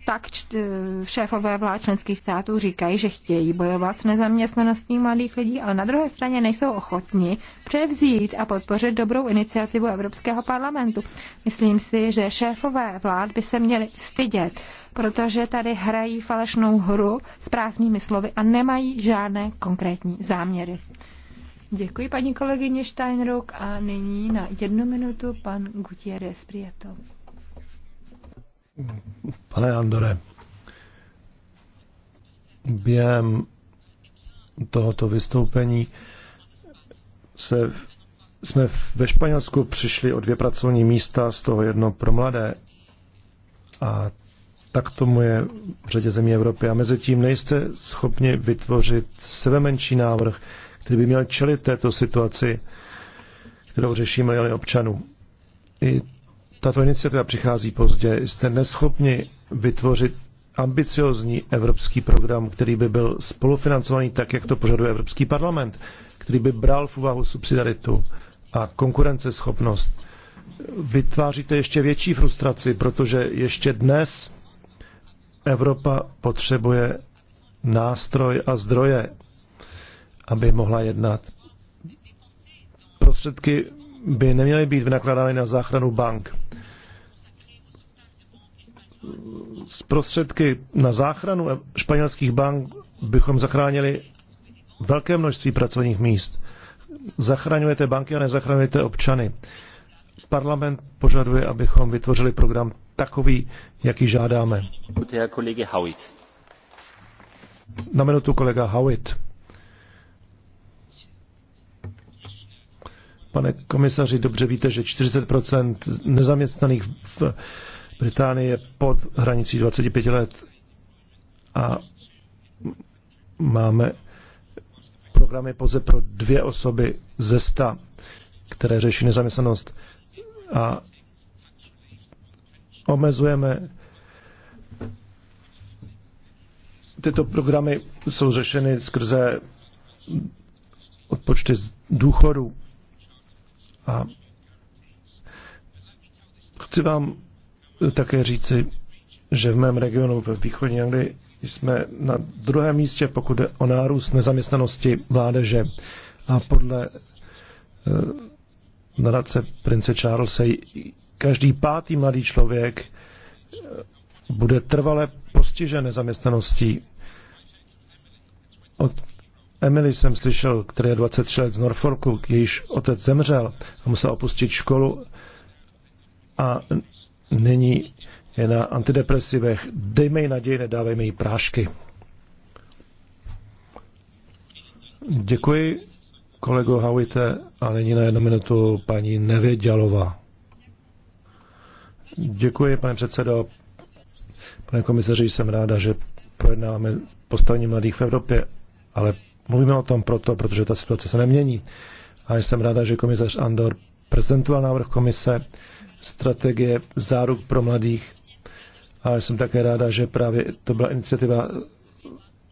tak e, šéfové vlád členských států říkají, že chtějí bojovat s nezaměstnaností mladých lidí, ale na druhé straně nejsou ochotni převzít a podpořit dobrou iniciativu Evropského parlamentu. Myslím si, že šéfové vlád by se měli stydět, protože tady hrají falešnou hru s prázdnými slovy a nemají žádné konkrétní záměry. Děkuji paní kolegyně Steinruck a nyní na jednu minutu pan Gutierrez Prieto. Pane Andore, během tohoto vystoupení se, jsme ve Španělsku přišli o dvě pracovní místa, z toho jedno pro mladé. A tak tomu je v řadě zemí Evropy. A mezi tím nejste schopni vytvořit sebemenší návrh, který by měl čelit této situaci, kterou řešíme jeli občanů. I tato iniciativa přichází pozdě, jste neschopni vytvořit ambiciozní evropský program, který by byl spolufinancovaný tak, jak to požaduje Evropský parlament, který by bral v úvahu subsidiaritu a konkurenceschopnost. Vytváříte ještě větší frustraci, protože ještě dnes Evropa potřebuje nástroj a zdroje, aby mohla jednat. Prostředky by neměly být vynakládány na záchranu bank. Z prostředky na záchranu španělských bank bychom zachránili velké množství pracovních míst. Zachraňujete banky a nezachraňujete občany. Parlament požaduje, abychom vytvořili program takový, jaký žádáme. Na minutu kolega Howitt. Pane komisaři, dobře víte, že 40 nezaměstnaných v Británii je pod hranicí 25 let a máme programy pouze pro dvě osoby ze sta, které řeší nezaměstnanost. A omezujeme tyto programy jsou řešeny skrze odpočty z důchodu a chci vám také říci, že v mém regionu ve východní Anglii jsme na druhém místě, pokud jde o nárůst nezaměstnanosti mládeže. A podle eh, nadace prince Charlesa každý pátý mladý člověk eh, bude trvale postižen nezaměstnaností. Od Emily jsem slyšel, který je 23 let z Norfolku, jejíž otec zemřel a musel opustit školu a nyní je na antidepresivech. Dejme jí naději, nedávejme jí prášky. Děkuji, kolego Hawite, a nyní na jednu minutu paní Nevědělová. Děkuji, pane předsedo. Pane komisaři, jsem ráda, že projednáme postavení mladých v Evropě, ale mluvíme o tom proto, protože ta situace se nemění. A jsem ráda, že komisař Andor prezentoval návrh komise strategie záruk pro mladých. A jsem také ráda, že právě to byla iniciativa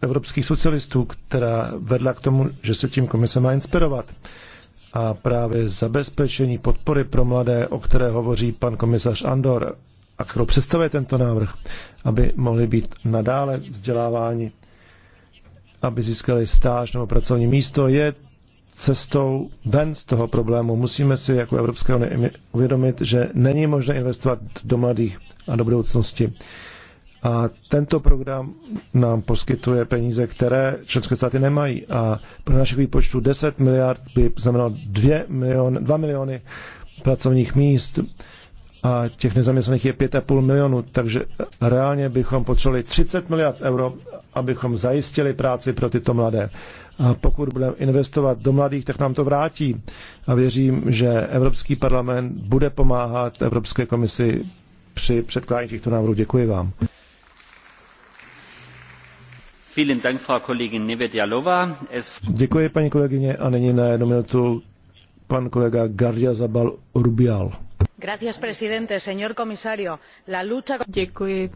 evropských socialistů, která vedla k tomu, že se tím komise má inspirovat. A právě zabezpečení podpory pro mladé, o které hovoří pan komisař Andor, a kterou představuje tento návrh, aby mohli být nadále vzděláváni aby získali stáž nebo pracovní místo, je cestou ven z toho problému. Musíme si jako evropské unie uvědomit, že není možné investovat do mladých a do budoucnosti. A tento program nám poskytuje peníze, které členské státy nemají. A pro našich výpočtů 10 miliard by znamenalo 2, miliony, 2 miliony pracovních míst a těch nezaměstnaných je 5,5 milionů, takže reálně bychom potřebovali 30 miliard euro, abychom zajistili práci pro tyto mladé. A pokud budeme investovat do mladých, tak nám to vrátí. A věřím, že Evropský parlament bude pomáhat Evropské komisi při předkládání těchto návrhů. Děkuji vám. Děkuji, paní kolegyně. A nyní na jednu minutu pan kolega Gardia Zabal Rubial señor presidente, señor comisario. La lucha... Děkuji,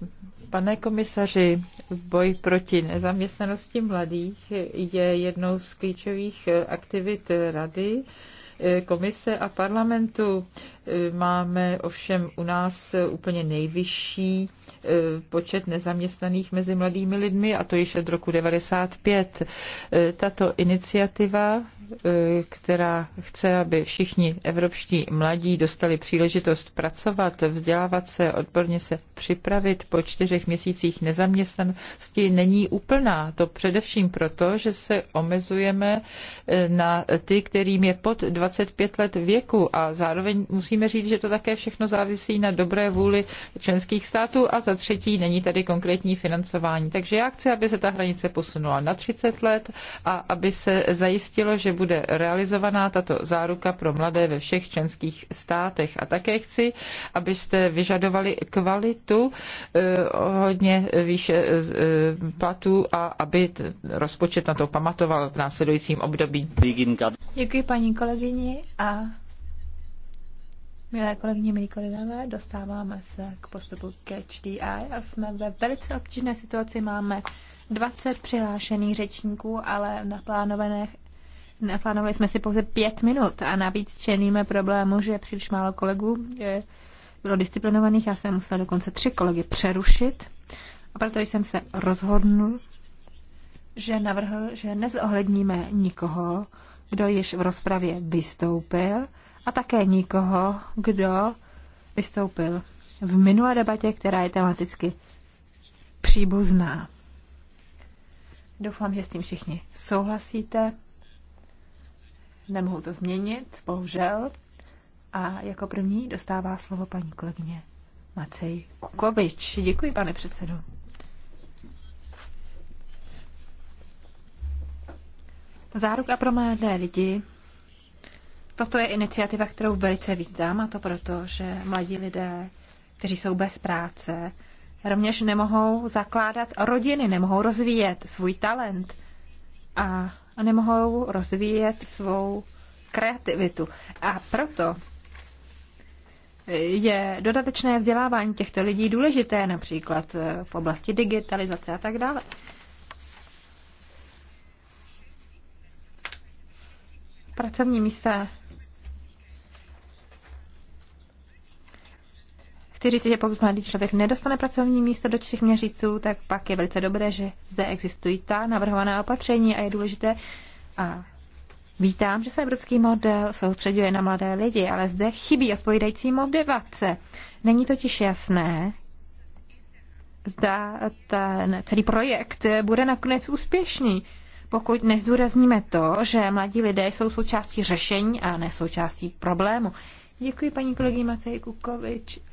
Pane komisaři, boj proti nezaměstnanosti mladých je jednou z klíčových aktivit Rady, eh, Komise a parlamentu. Máme ovšem u nás úplně nejvyšší eh, počet nezaměstnaných mezi mladými lidmi a to již od roku 95. Eh, tato iniciativa, eh, která chce, aby všichni evropští mladí dostali příležitost pracovat, vzdělávat se, odborně se připravit po čtyřech měsících nezaměstnanosti, není úplná. To především proto, že se omezujeme na ty, kterým je pod 25 let věku a zároveň musíme musíme říct, že to také všechno závisí na dobré vůli členských států a za třetí není tady konkrétní financování. Takže já chci, aby se ta hranice posunula na 30 let a aby se zajistilo, že bude realizovaná tato záruka pro mladé ve všech členských státech. A také chci, abyste vyžadovali kvalitu eh, hodně výše eh, platů a aby rozpočet na to pamatoval v následujícím období. Děkuji paní kolegyni a Milé kolegyně, milí kolegové, dostáváme se k postupu ke HDI a jsme ve velice obtížné situaci. Máme 20 přihlášených řečníků, ale Naplánovali jsme si pouze pět minut a navíc čelíme problému, že příliš málo kolegů je, eh, bylo disciplinovaných. Já jsem musela dokonce tři kolegy přerušit a proto jsem se rozhodnul, že navrhl, že nezohledníme nikoho, kdo již v rozpravě vystoupil a také nikoho, kdo vystoupil v minulé debatě, která je tematicky příbuzná. Doufám, že s tím všichni souhlasíte. Nemohu to změnit, bohužel. A jako první dostává slovo paní kolegyně Macej Kukovič. Děkuji, pane předsedo. Záruka pro mladé lidi Toto je iniciativa, kterou velice vítám, a to proto, že mladí lidé, kteří jsou bez práce, rovněž nemohou zakládat rodiny, nemohou rozvíjet svůj talent a nemohou rozvíjet svou kreativitu. A proto je dodatečné vzdělávání těchto lidí důležité, například v oblasti digitalizace a tak dále. Pracovní místa Chci říct, že pokud mladý člověk nedostane pracovní místo do čtyř měsíců, tak pak je velice dobré, že zde existují ta navrhovaná opatření a je důležité a Vítám, že se evropský model soustředuje na mladé lidi, ale zde chybí odpovídající motivace. Není totiž jasné, zda ten celý projekt bude nakonec úspěšný, pokud nezdůrazníme to, že mladí lidé jsou součástí řešení a ne součástí problému. Děkuji paní kolegyni Macej Kukovič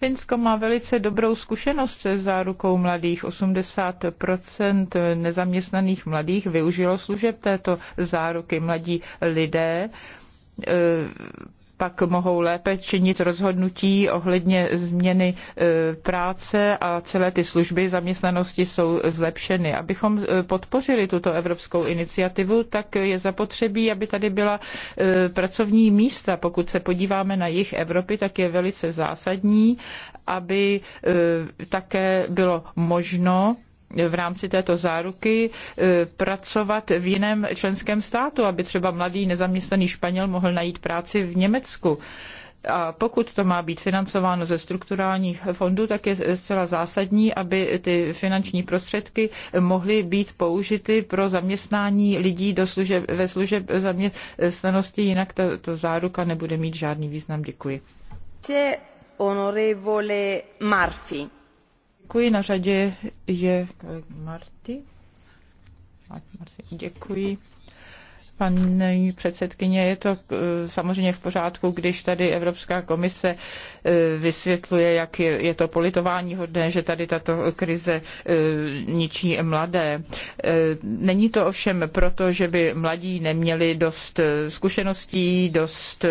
Finsko má velice dobrou zkušenost se zárukou mladých. 80 nezaměstnaných mladých využilo služeb této záruky. Mladí lidé eh, pak mohou lépe činit rozhodnutí ohledně změny e, práce a celé ty služby zaměstnanosti jsou zlepšeny. Abychom e, podpořili tuto evropskou iniciativu, tak je zapotřebí, aby tady byla e, pracovní místa. Pokud se podíváme na jich Evropy, tak je velice zásadní, aby také bylo možno v rámci této záruky e, pracovat v jiném členském státu, aby třeba mladý nezaměstnaný Španěl mohl najít práci v Německu. A pokud to má být financováno ze strukturálních fondů, tak je zcela zásadní, aby ty finanční prostředky mohly být použity pro zaměstnání lidí do služeb, ve služeb zaměstnanosti, jinak ta, to záruka nebude mít žádný význam. Děkuji. Honorevole Marfi. Děkuji. Na řadě je Marty. Děkuji paní předsedkyně, je to eh, samozřejmě v pořádku, když tady Evropská komise eh, vysvětluje, jak je to politování hodné, že tady tato krize eh, ničí mladé. Není to ovšem proto, že by mladí neměli dost zkušeností, dost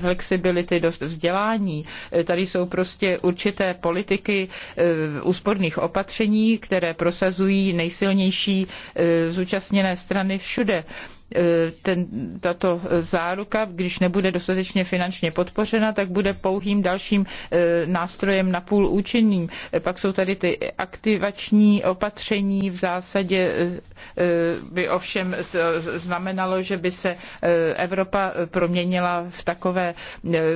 flexibility, dost vzdělání. Tady jsou prostě určité politiky úsporných opatření, které prosazují nejsilnější zúčastněné strany všude E, ten, tato záruka, když nebude dostatečně finančně podpořena, tak bude pouhým dalším e, nástrojem napůl účinným. E, pak jsou tady ty aktivační opatření v zásadě by ovšem znamenalo, že by se Evropa proměnila v takové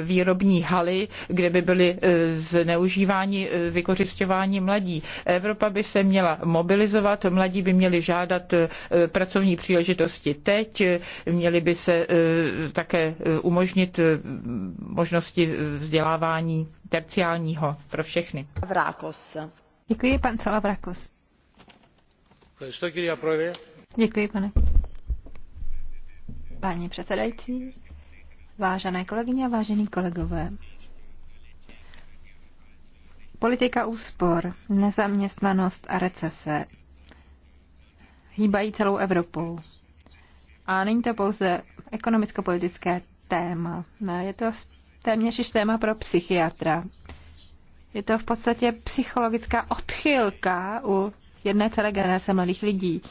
výrobní haly, kde by byly zneužíváni, vykořišťováni mladí. Evropa by se měla mobilizovat, mladí by měli žádat pracovní příležitosti teď, teď. Měly by se eh, také eh, umožnit eh, možnosti vzdělávání terciálního pro všechny. Vrákos. Děkuji, pan Salavrakos. Děkuji, pane. Paní předsedající, vážené kolegyně a vážení kolegové. Politika úspor, nezaměstnanost a recese hýbají celou Evropou. A není to pouze ekonomicko-politické téma. No, je to téměř již téma pro psychiatra. Je to v podstatě psychologická odchylka u jedné celé generace mladých lidí.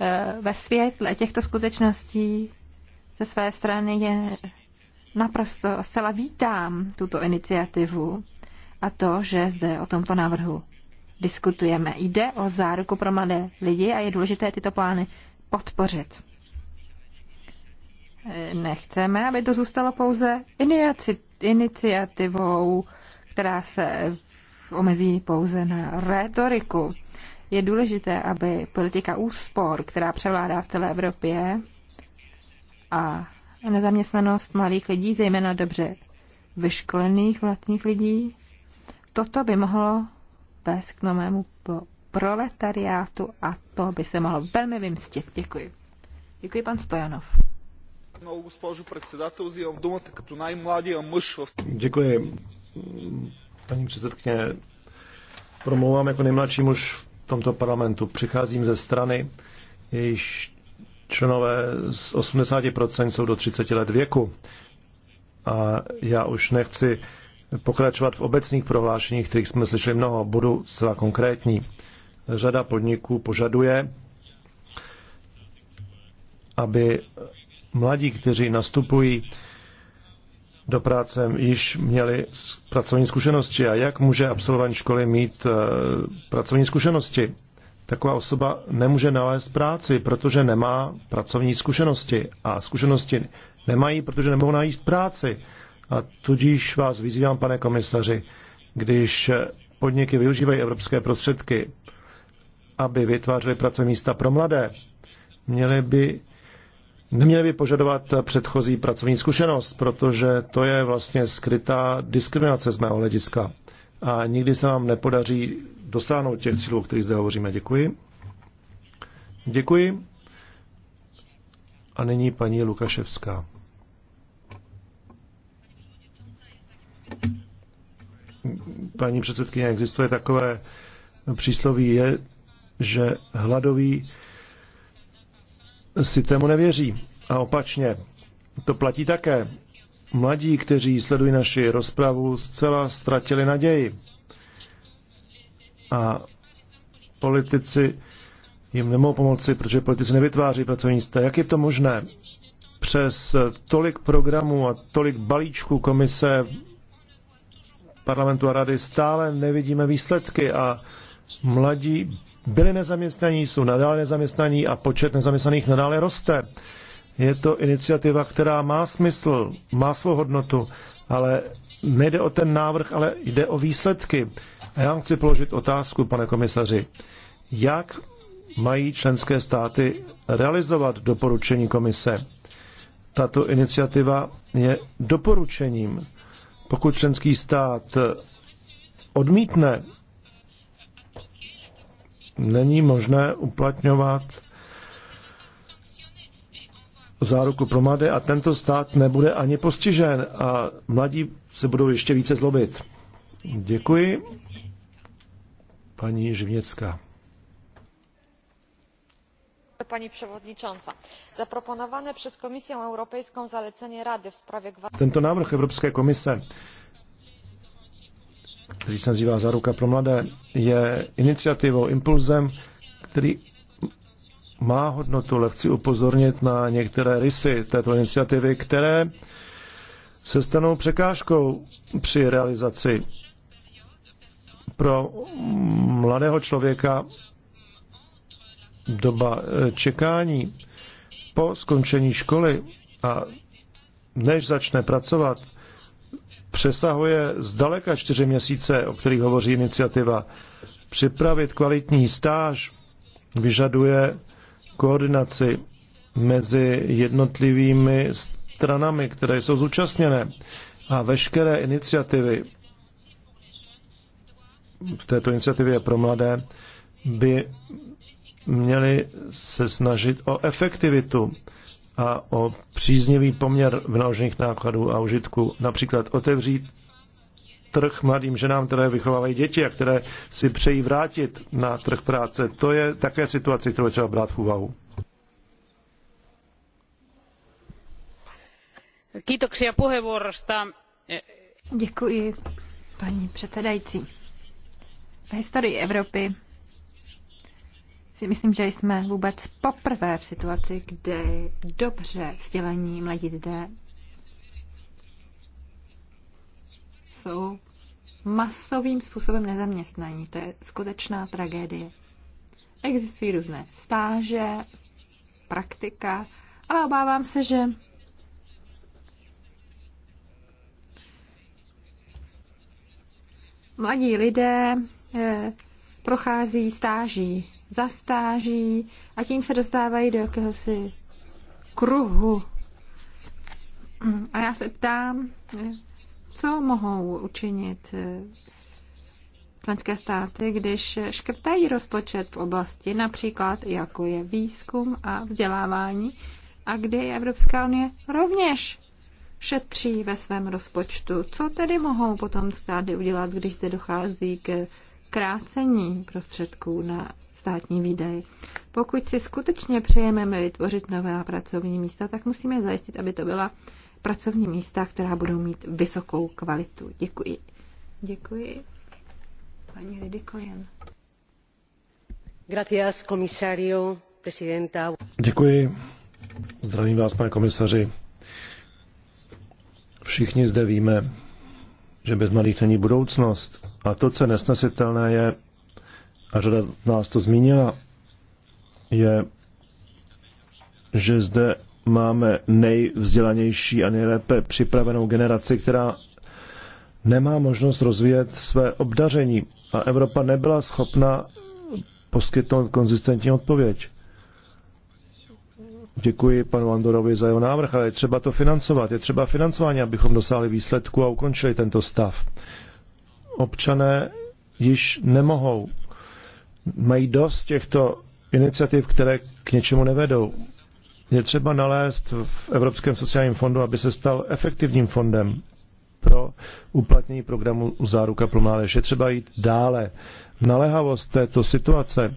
E, ve světle těchto skutečností ze své strany je naprosto zcela vítám tuto iniciativu a to, že zde o tomto návrhu diskutujeme. Jde o záruku pro mladé lidi a je důležité tyto plány podpořit nechceme, aby to zůstalo pouze iniciativou, která se omezí pouze na rétoriku. Je důležité, aby politika úspor, která převládá v celé Evropě a nezaměstnanost malých lidí, zejména dobře vyškolených vlastních lidí, toto by mohlo vést k novému proletariátu a to by se mohlo velmi vymstit. Děkuji. Děkuji pan Stojanov. Děkuji. Paní předsedkyně, promlouvám jako nejmladší muž v tomto parlamentu. Přicházím ze strany, jejíž členové z 80% jsou do 30 let věku. A já už nechci pokračovat v obecných prohlášeních, kterých jsme slyšeli mnoho, budu zcela konkrétní. Řada podniků požaduje, aby mladí, kteří nastupují do práce, již měli pracovní zkušenosti a jak může absolvent školy mít eh, pracovní zkušenosti. Taková osoba nemůže nalézt práci, protože nemá pracovní zkušenosti a zkušenosti nemají, protože nemohou najít práci. A tudíž vás vyzývám, pane komisaři, když eh, podniky využívají evropské prostředky, aby vytvářely pracovní místa pro mladé, měly by neměli by požadovat předchozí pracovní zkušenost, protože to je vlastně skrytá diskriminace z mého hlediska. A nikdy se vám nepodaří dosáhnout těch cílů, o kterých zde hovoříme. Děkuji. Děkuji. A nyní paní Lukaševská. Paní předsedkyně, existuje takové přísloví, je, že hladový si tému nevěří. A opačně, to platí také. Mladí, kteří sledují naši rozpravu, zcela ztratili naději. A politici jim nemohou pomoci, protože politici nevytváří pracovní místa. Jak je to možné? Přes tolik programů a tolik balíčků komise parlamentu a rady stále nevidíme výsledky a mladí byli nezaměstnaní, jsou nadále nezaměstnaní a počet nezaměstnaných nadále roste. Je to iniciativa, která má smysl, má svou hodnotu, ale nejde o ten návrh, ale jde o výsledky. A já vám chci položit otázku, pane komisaři. Jak mají členské státy realizovat doporučení komise? Tato iniciativa je doporučením. Pokud členský stát odmítne není možné uplatňovat záruku pro mladé a tento stát nebude ani postižen a mladí se budou ještě více zlobit. Děkuji. Paní Živněcka. Pani przewodnicząca, zaproponowane przez Komisję Europejską zalecenie Rady w sprawie Tento návrh Evropské komise který se nazývá Záruka pro mladé, je iniciativou, impulzem, který má hodnotu, ale chci upozornit na některé rysy této iniciativy, které se stanou překážkou při realizaci pro mladého člověka doba eh, čekání po skončení školy a než začne pracovat, přesahuje zdaleka čtyři měsíce, o kterých hovoří iniciativa. Připravit kvalitní stáž vyžaduje koordinaci mezi jednotlivými stranami, které jsou zúčastněné. A veškeré iniciativy v této iniciativě pro mladé by měly se snažit o efektivitu a o příznivý poměr vynaložených nákladů a užitku. Například otevřít trh mladým ženám, které vychovávají děti a které si přejí vrátit na trh práce. To je také situace, kterou třeba brát v úvahu. Kiitoksia puheenvuorosta. Děkuji, paní předsedající. V historii Evropy si myslím, že jsme vůbec poprvé v situaci, kde dobře vzdělaní mladí lidé jsou masovým způsobem nezaměstnaní. To je skutečná tragédie. Existují různé stáže, praktika, ale obávám se, že mladí lidé eh, prochází stáží zastáží a tím se dostávají do jakéhosi kruhu. A já se ptám, co mohou učinit eh, členské státy, když škrtají rozpočet v oblasti například jako je výzkum a vzdělávání a kdy Evropská unie rovněž šetří ve svém rozpočtu. Co tedy mohou potom státy udělat, když se dochází k krácení prostředků na státní výdaje. Pokud si skutečně přejeme vytvořit nová pracovní místa, tak musíme zajistit, aby to byla pracovní místa, která budou mít vysokou kvalitu. Děkuji. Děkuji. Paní Ridikojen. Gracias, komisario, presidenta. Děkuji. Zdravím vás, pane komisaři. Všichni zde víme, že bez malých není budoucnost. A to, co je nesnesitelné, je a řada z nás to zmínila, je, že zde máme nejvzdělanější a nejlépe připravenou generaci, která nemá možnost rozvíjet své obdaření. A Evropa nebyla schopna poskytnout konzistentní odpověď. Děkuji panu Andorovi za jeho návrh, ale je třeba to financovat. Je třeba financování, abychom dosáhli výsledku a ukončili tento stav. Občané již nemohou mají dost těchto iniciativ, které k něčemu nevedou. Je třeba nalézt v Evropském sociálním fondu, aby se stal efektivním fondem pro uplatnění programu Záruka pro mládež. Je třeba jít dále. Naléhavost této situace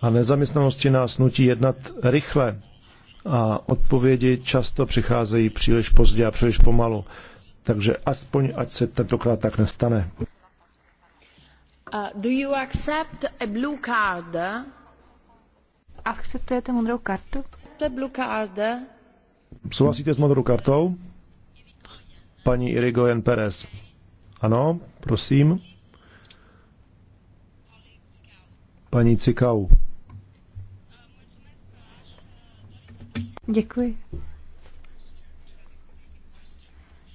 a nezaměstnanosti nás nutí jednat rychle a odpovědi často přicházejí příliš pozdě a příliš pomalu. Takže aspoň, ať se tentokrát tak nestane. Uh, do you accept a blue card? Akceptujete modrou kartu? The blue card. Souhlasíte s modrou kartou? Paní Irigoyen Perez. Ano, prosím. Paní Cikau. Děkuji.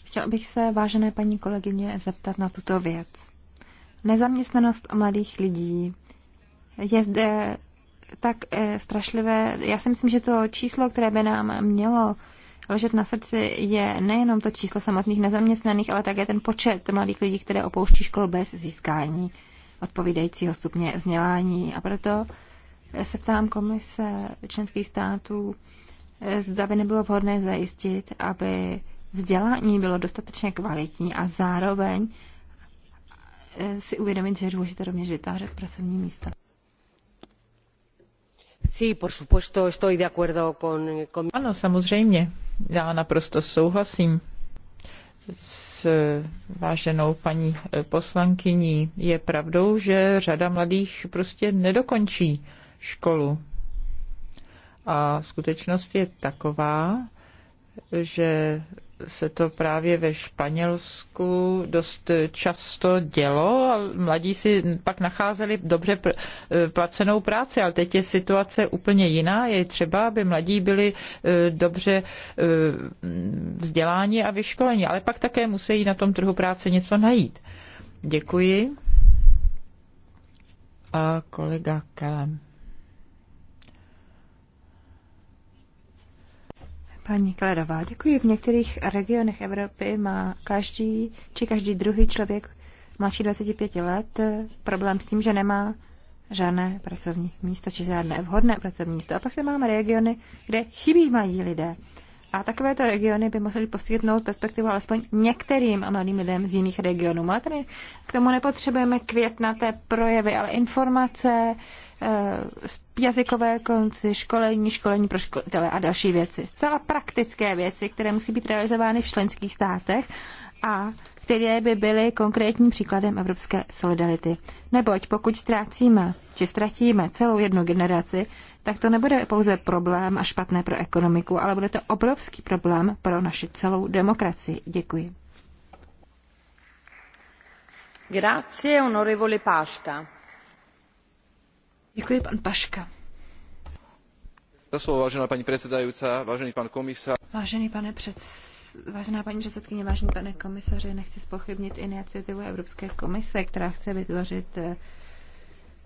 Chtěl bych se, vážené paní kolegyně, zeptat na tuto věc nezaměstnanost mladých lidí je zde tak eh, strašlivé. Já si myslím, že to číslo, které by nám mělo ležet na srdci, je nejenom to číslo samotných nezaměstnaných, ale také ten počet mladých lidí, které opouští školu bez získání odpovídajícího stupně vzdělání. A proto se ptám komise členských států, eh, zda by nebylo vhodné zajistit, aby vzdělání bylo dostatečně kvalitní a zároveň si uvědomit, že je důležité rovněž vytvářet pracovní místa. Sí, por supuesto, estoy de acuerdo con, con... Ano, samozřejmě. Já naprosto souhlasím s váženou paní eh, poslankyní. Je pravdou, že řada mladých prostě nedokončí školu. A skutečnost je taková, že se to právě ve Španělsku dost často dělo a mladí si pak nacházeli dobře eh, placenou práci, ale teď je situace úplně jiná. Je třeba, aby mladí byli eh, dobře eh, vzděláni a vyškoleni, ale pak také musí na tom trhu práce něco najít. Děkuji. A kolega Kelem. Paní Klerová, děkuji. V některých regionech Evropy má každý či každý druhý člověk mladší 25 let problém s tím, že nemá žádné pracovní místo či žádné vhodné pracovní místo. A pak tam máme regiony, kde chybí mají lidé. A takovéto regiony by museli poskytnout perspektivu alespoň některým mladým lidem z jiných regionů. Ale tady k tomu nepotřebujeme květnaté projevy, ale informace, eh, jazykové konci, školení, školení pro školitele a další věci. Zcela praktické věci, které musí být realizovány v členských státech a které by byly konkrétním příkladem evropské solidarity. Neboť pokud ztrácíme či ztratíme celou jednu generaci, tak to nebude pouze problém a špatné pro ekonomiku, ale bude to obrovský problém pro naši celou demokracii. Děkuji. Grazie, onorevole Paška. Děkuji, pan Paška. Za slovo, vážená paní předsedající, vážený pan komisař. Vážený pane předsedající, Vážená paní předsedkyně, vážený pane komisaři, nechci spochybnit iniciativu Evropské komise, která chce vytvořit eh,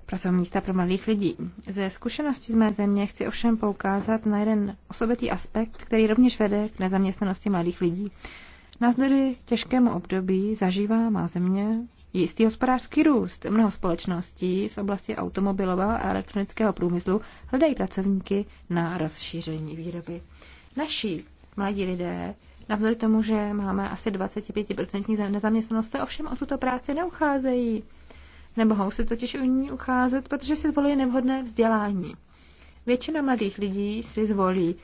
pracovní místa pro mladých lidí. Ze zkušenosti z mé země chci ovšem poukázat na jeden osobitý aspekt, který rovněž vede k nezaměstnanosti mladých lidí. Navzdory těžkému období zažívá má země jistý hospodářský růst. Mnoho společností z oblasti automobilového a elektronického průmyslu hledají pracovníky na rozšíření výroby. Naši mladí lidé Navzdory tomu, že máme asi 25% nezaměstnanost, se ovšem o tuto práci neucházejí. Nemohou se totiž u ní ucházet, protože si zvolí nevhodné vzdělání. Většina mladých lidí si zvolí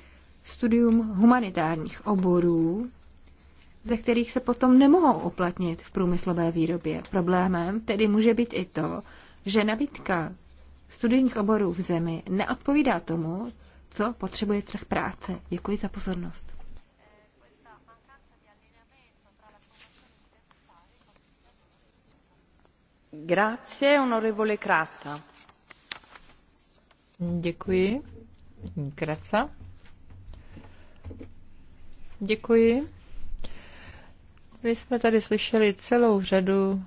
studium humanitárních oborů, ze kterých se potom nemohou uplatnit v průmyslové výrobě. Problémem tedy může být i to, že nabídka studijních oborů v zemi neodpovídá tomu, co potřebuje trh práce. Děkuji za pozornost. Děkuji. Děkuji. My jsme tady slyšeli celou řadu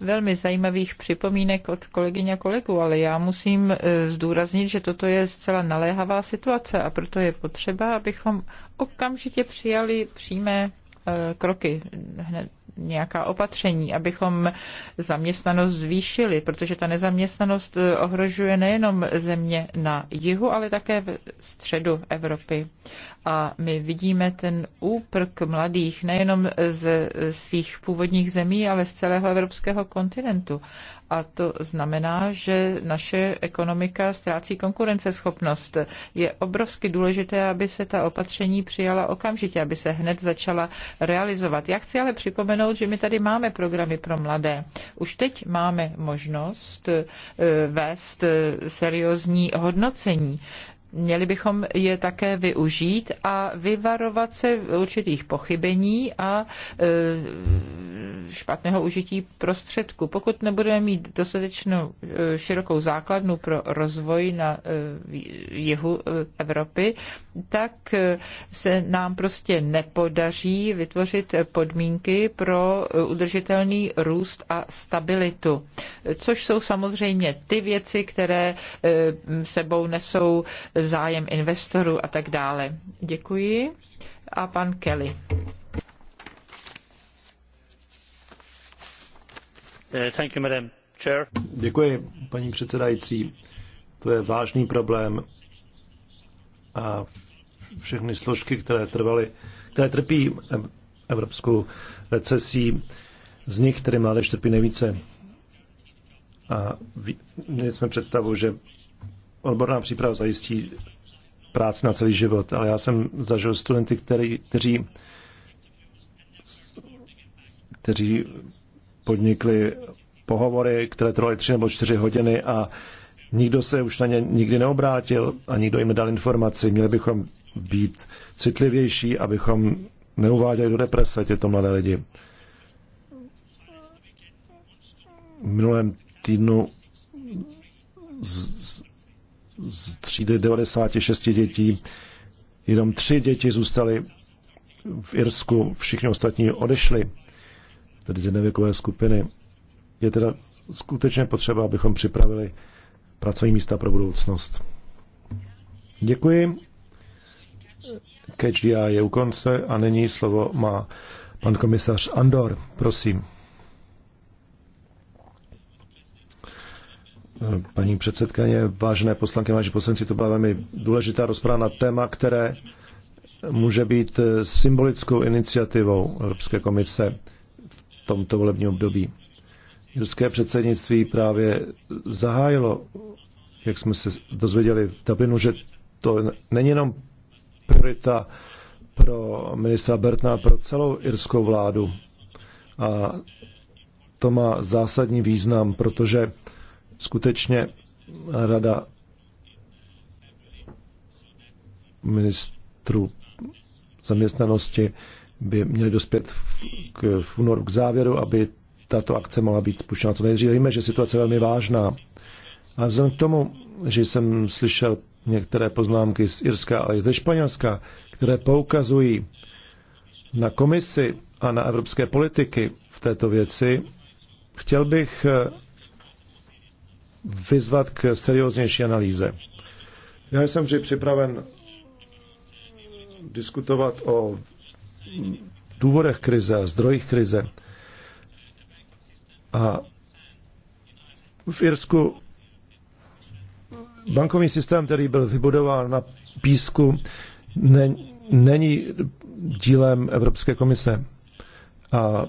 velmi zajímavých připomínek od kolegyň a kolegů, ale já musím eh, zdůraznit, že toto je zcela naléhavá situace a proto je potřeba, abychom okamžitě přijali přímé eh, kroky hned nějaká opatření, abychom zaměstnanost zvýšili, protože ta nezaměstnanost eh, ohrožuje nejenom země na jihu, ale také v středu Evropy. A my vidíme ten úprk mladých nejenom ze svých původních zemí, ale z celého evropského kontinentu a to znamená, že naše ekonomika ztrácí konkurenceschopnost. Je obrovsky důležité, aby se ta opatření přijala okamžitě, aby se hned začala realizovat. Já chci ale připomenout, že my tady máme programy pro mladé. Už teď máme možnost eh, vést eh, seriózní hodnocení Měli bychom je také využít a vyvarovat se určitých pochybení a e, špatného užití prostředku. Pokud nebudeme mít dostatečnou e, širokou základnu pro rozvoj na e, jihu Evropy, tak se nám prostě nepodaří vytvořit podmínky pro udržitelný růst a stabilitu, což jsou samozřejmě ty věci, které sebou nesou zájem investorů a tak dále. Děkuji. A pan Kelly. Eh, thank you, madam chair. Děkuji, paní předsedající. To je vážný problém a všechny složky, které, trvaly, které trpí evropskou recesí, z nich tedy mládež trpí nejvíce. A měli jsme představu, že odborná příprava zajistí práci na celý život, ale já jsem zažil studenty, který, kteří, kteří podnikli pohovory, které trvaly tři nebo čtyři hodiny a nikdo se už na ně nikdy neobrátil a nikdo jim nedal informaci. Měli bychom být citlivější, abychom neuváděli do deprese tyto mladé lidi. V minulém týdnu z, z, z třídy 96 dětí jenom tři děti zůstaly v Irsku, všichni ostatní odešli, tedy z nevěkové skupiny. Je teda skutečně potřeba, abychom připravili pracovní místa pro budoucnost. Děkuji. Catch je u konce a nyní slovo má pan komisař Andor. Prosím. paní předsedkyně, vážené poslanky, vážení poslanci, to byla velmi důležitá rozprava na téma, které může být symbolickou iniciativou Evropské komise v tomto volebním období. Jirské předsednictví právě zahájilo, jak jsme se dozvěděli v Dublinu, že to není jenom priorita pro ministra Bertna, pro celou irskou vládu. A to má zásadní význam, protože skutečně rada ministrů zaměstnanosti by měli dospět k, v únoru k závěru, aby tato akce mohla být spuštěna co nejdříve. Víme, že situace je velmi vážná. A vzhledem k tomu, že jsem slyšel některé poznámky z Irska, ale i ze Španělska, které poukazují na komisi a na evropské politiky v této věci, chtěl bych eh, vyzvat k serióznější analýze. Já jsem vždy připraven diskutovat o důvodech krize a zdrojích krize. A v Irsku bankovní systém, který byl vybudován na písku, ne, není dílem Evropské komise. A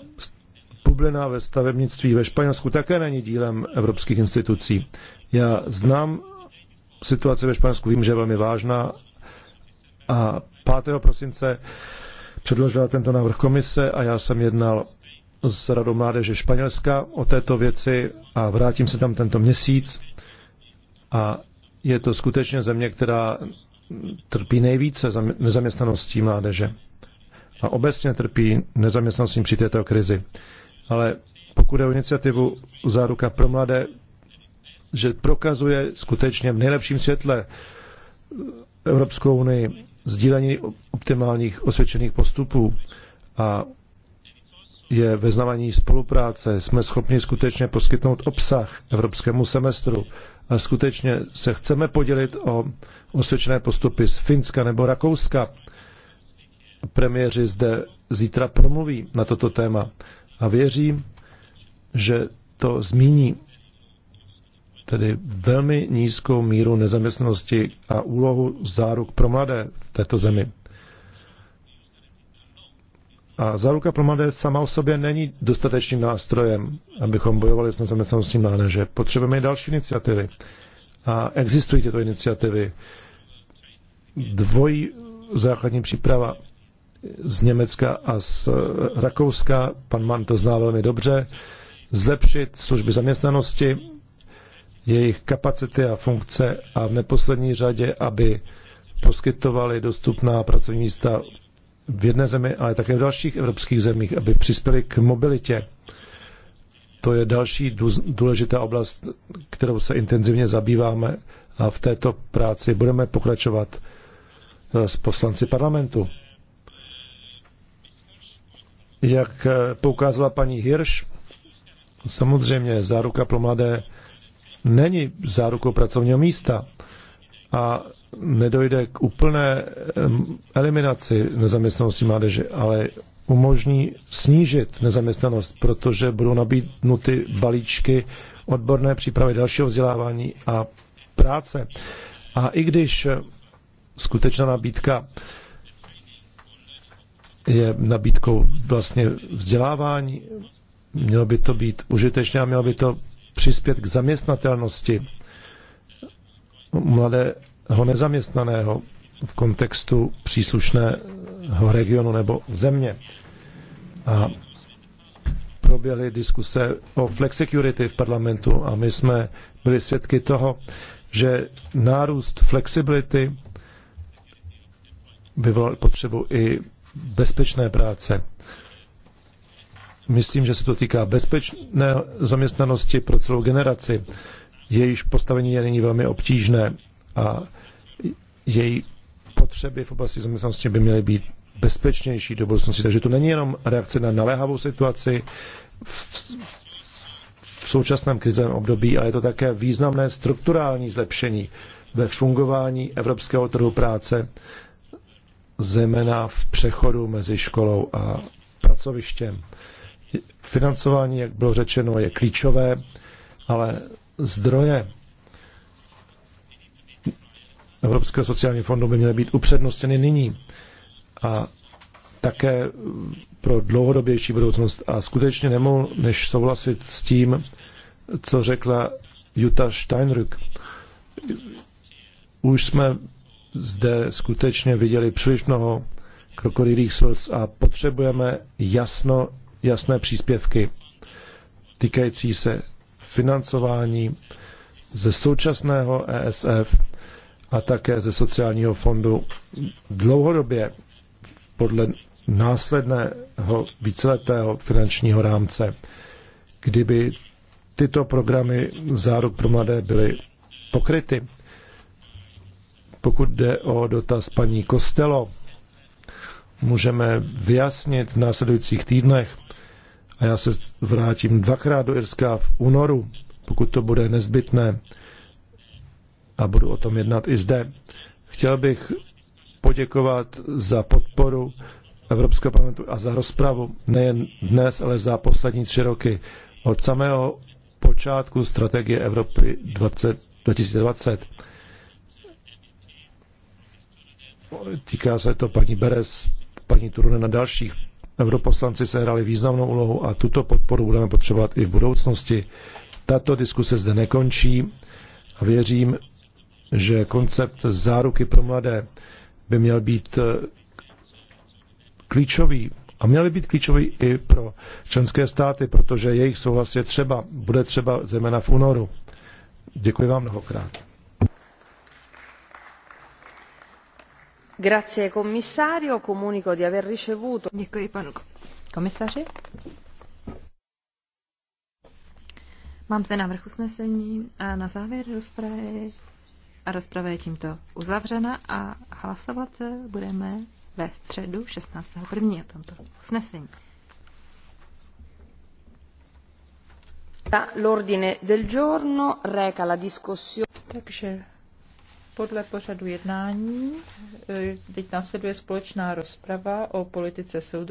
bublina ve stavebnictví ve Španělsku také není dílem evropských institucí. Já znám situaci ve Španělsku, vím, že je velmi vážná a 5. prosince předložila tento návrh komise a já jsem jednal s Radou mládeže Španělska o této věci a vrátím se tam tento měsíc. A je to skutečně země, která trpí nejvíce nezaměstnaností mládeže. A obecně trpí nezaměstnaností při této krizi ale pokud je o iniciativu Záruka pro mladé, že prokazuje skutečně v nejlepším světle Evropskou unii sdílení optimálních osvědčených postupů a je ve znamení spolupráce. Jsme schopni skutečně poskytnout obsah evropskému semestru a skutečně se chceme podělit o osvědčené postupy z Finska nebo Rakouska. Premiéři zde zítra promluví na toto téma a věřím, že to zmíní tedy velmi nízkou míru nezaměstnanosti a úlohu záruk pro mladé v této zemi. A záruka pro mladé sama o sobě není dostatečným nástrojem, abychom bojovali s nezaměstnaností mládeže. Potřebujeme i další iniciativy. A existují tyto iniciativy. Dvojí základní příprava z Německa a z eh, Rakouska, pan Mann to zná velmi dobře, zlepšit služby zaměstnanosti, jejich kapacity a funkce a v neposlední řadě, aby poskytovali dostupná pracovní místa v jedné zemi, ale také v dalších evropských zemích, aby přispěli k mobilitě. To je další důležitá oblast, kterou se intenzivně zabýváme a v této práci budeme pokračovat eh, s poslanci parlamentu. Jak eh, poukázala paní Hirsch, samozřejmě záruka pro mladé není zárukou pracovního místa a nedojde k úplné eliminaci nezaměstnanosti mládeže, ale umožní snížit nezaměstnanost, protože budou nabídnuty balíčky odborné přípravy dalšího vzdělávání a práce. A i když eh, skutečná nabídka je nabídkou vlastně vzdělávání. Mělo by to být užitečné a mělo by to přispět k zaměstnatelnosti mladého nezaměstnaného v kontextu příslušného regionu nebo země. A proběhly diskuse o flexicurity v parlamentu a my jsme byli svědky toho, že nárůst flexibility vyvolal potřebu i bezpečné práce. Myslím, že se to týká bezpečné zaměstnanosti pro celou generaci. Jejíž postavení je nyní velmi obtížné a její potřeby v oblasti zaměstnanosti by měly být bezpečnější do budoucnosti. Takže to není jenom reakce na naléhavou situaci v, v současném krizovém období, ale je to také významné strukturální zlepšení ve fungování evropského trhu práce zejména v přechodu mezi školou a pracovištěm. Financování, jak bylo řečeno, je klíčové, ale zdroje Evropského sociálního fondu by měly být upřednostněny nyní a také pro dlouhodobější budoucnost. A skutečně nemohu než souhlasit s tím, co řekla Jutta Steinrück. Už jsme zde skutečně viděli příliš mnoho krokodýlých slz a potřebujeme jasno, jasné příspěvky týkající se financování ze současného ESF a také ze sociálního fondu dlouhodobě podle následného víceletého finančního rámce, kdyby tyto programy záruk pro mladé byly pokryty. Pokud jde o dotaz paní Kostelo, můžeme vyjasnit v následujících týdnech. A já se vrátím dvakrát do Irska v únoru, pokud to bude nezbytné. A budu o tom jednat i zde. Chtěl bych poděkovat za podporu Evropského parlamentu a za rozpravu nejen dnes, ale za poslední tři roky. Od samého počátku strategie Evropy 20, 2020 Týká se to paní Beres, paní Turunen a dalších. Europoslanci se hrali významnou úlohu a tuto podporu budeme potřebovat i v budoucnosti. Tato diskuse zde nekončí a věřím, že koncept záruky pro mladé by měl být eh, klíčový a měl by být klíčový i pro členské státy, protože jejich souhlas je třeba, bude třeba zejména v únoru. Děkuji vám mnohokrát. Děkuji panu komisaři. Mám zde návrh usnesení a na závěr rozpravy. A rozprava je tímto uzavřena a hlasovat budeme ve středu 16.1. o tomto usnesení. L'ordine del giorno reca la discussione. Takže podle pořadu jednání. E, teď následuje společná rozprava o politice soudru.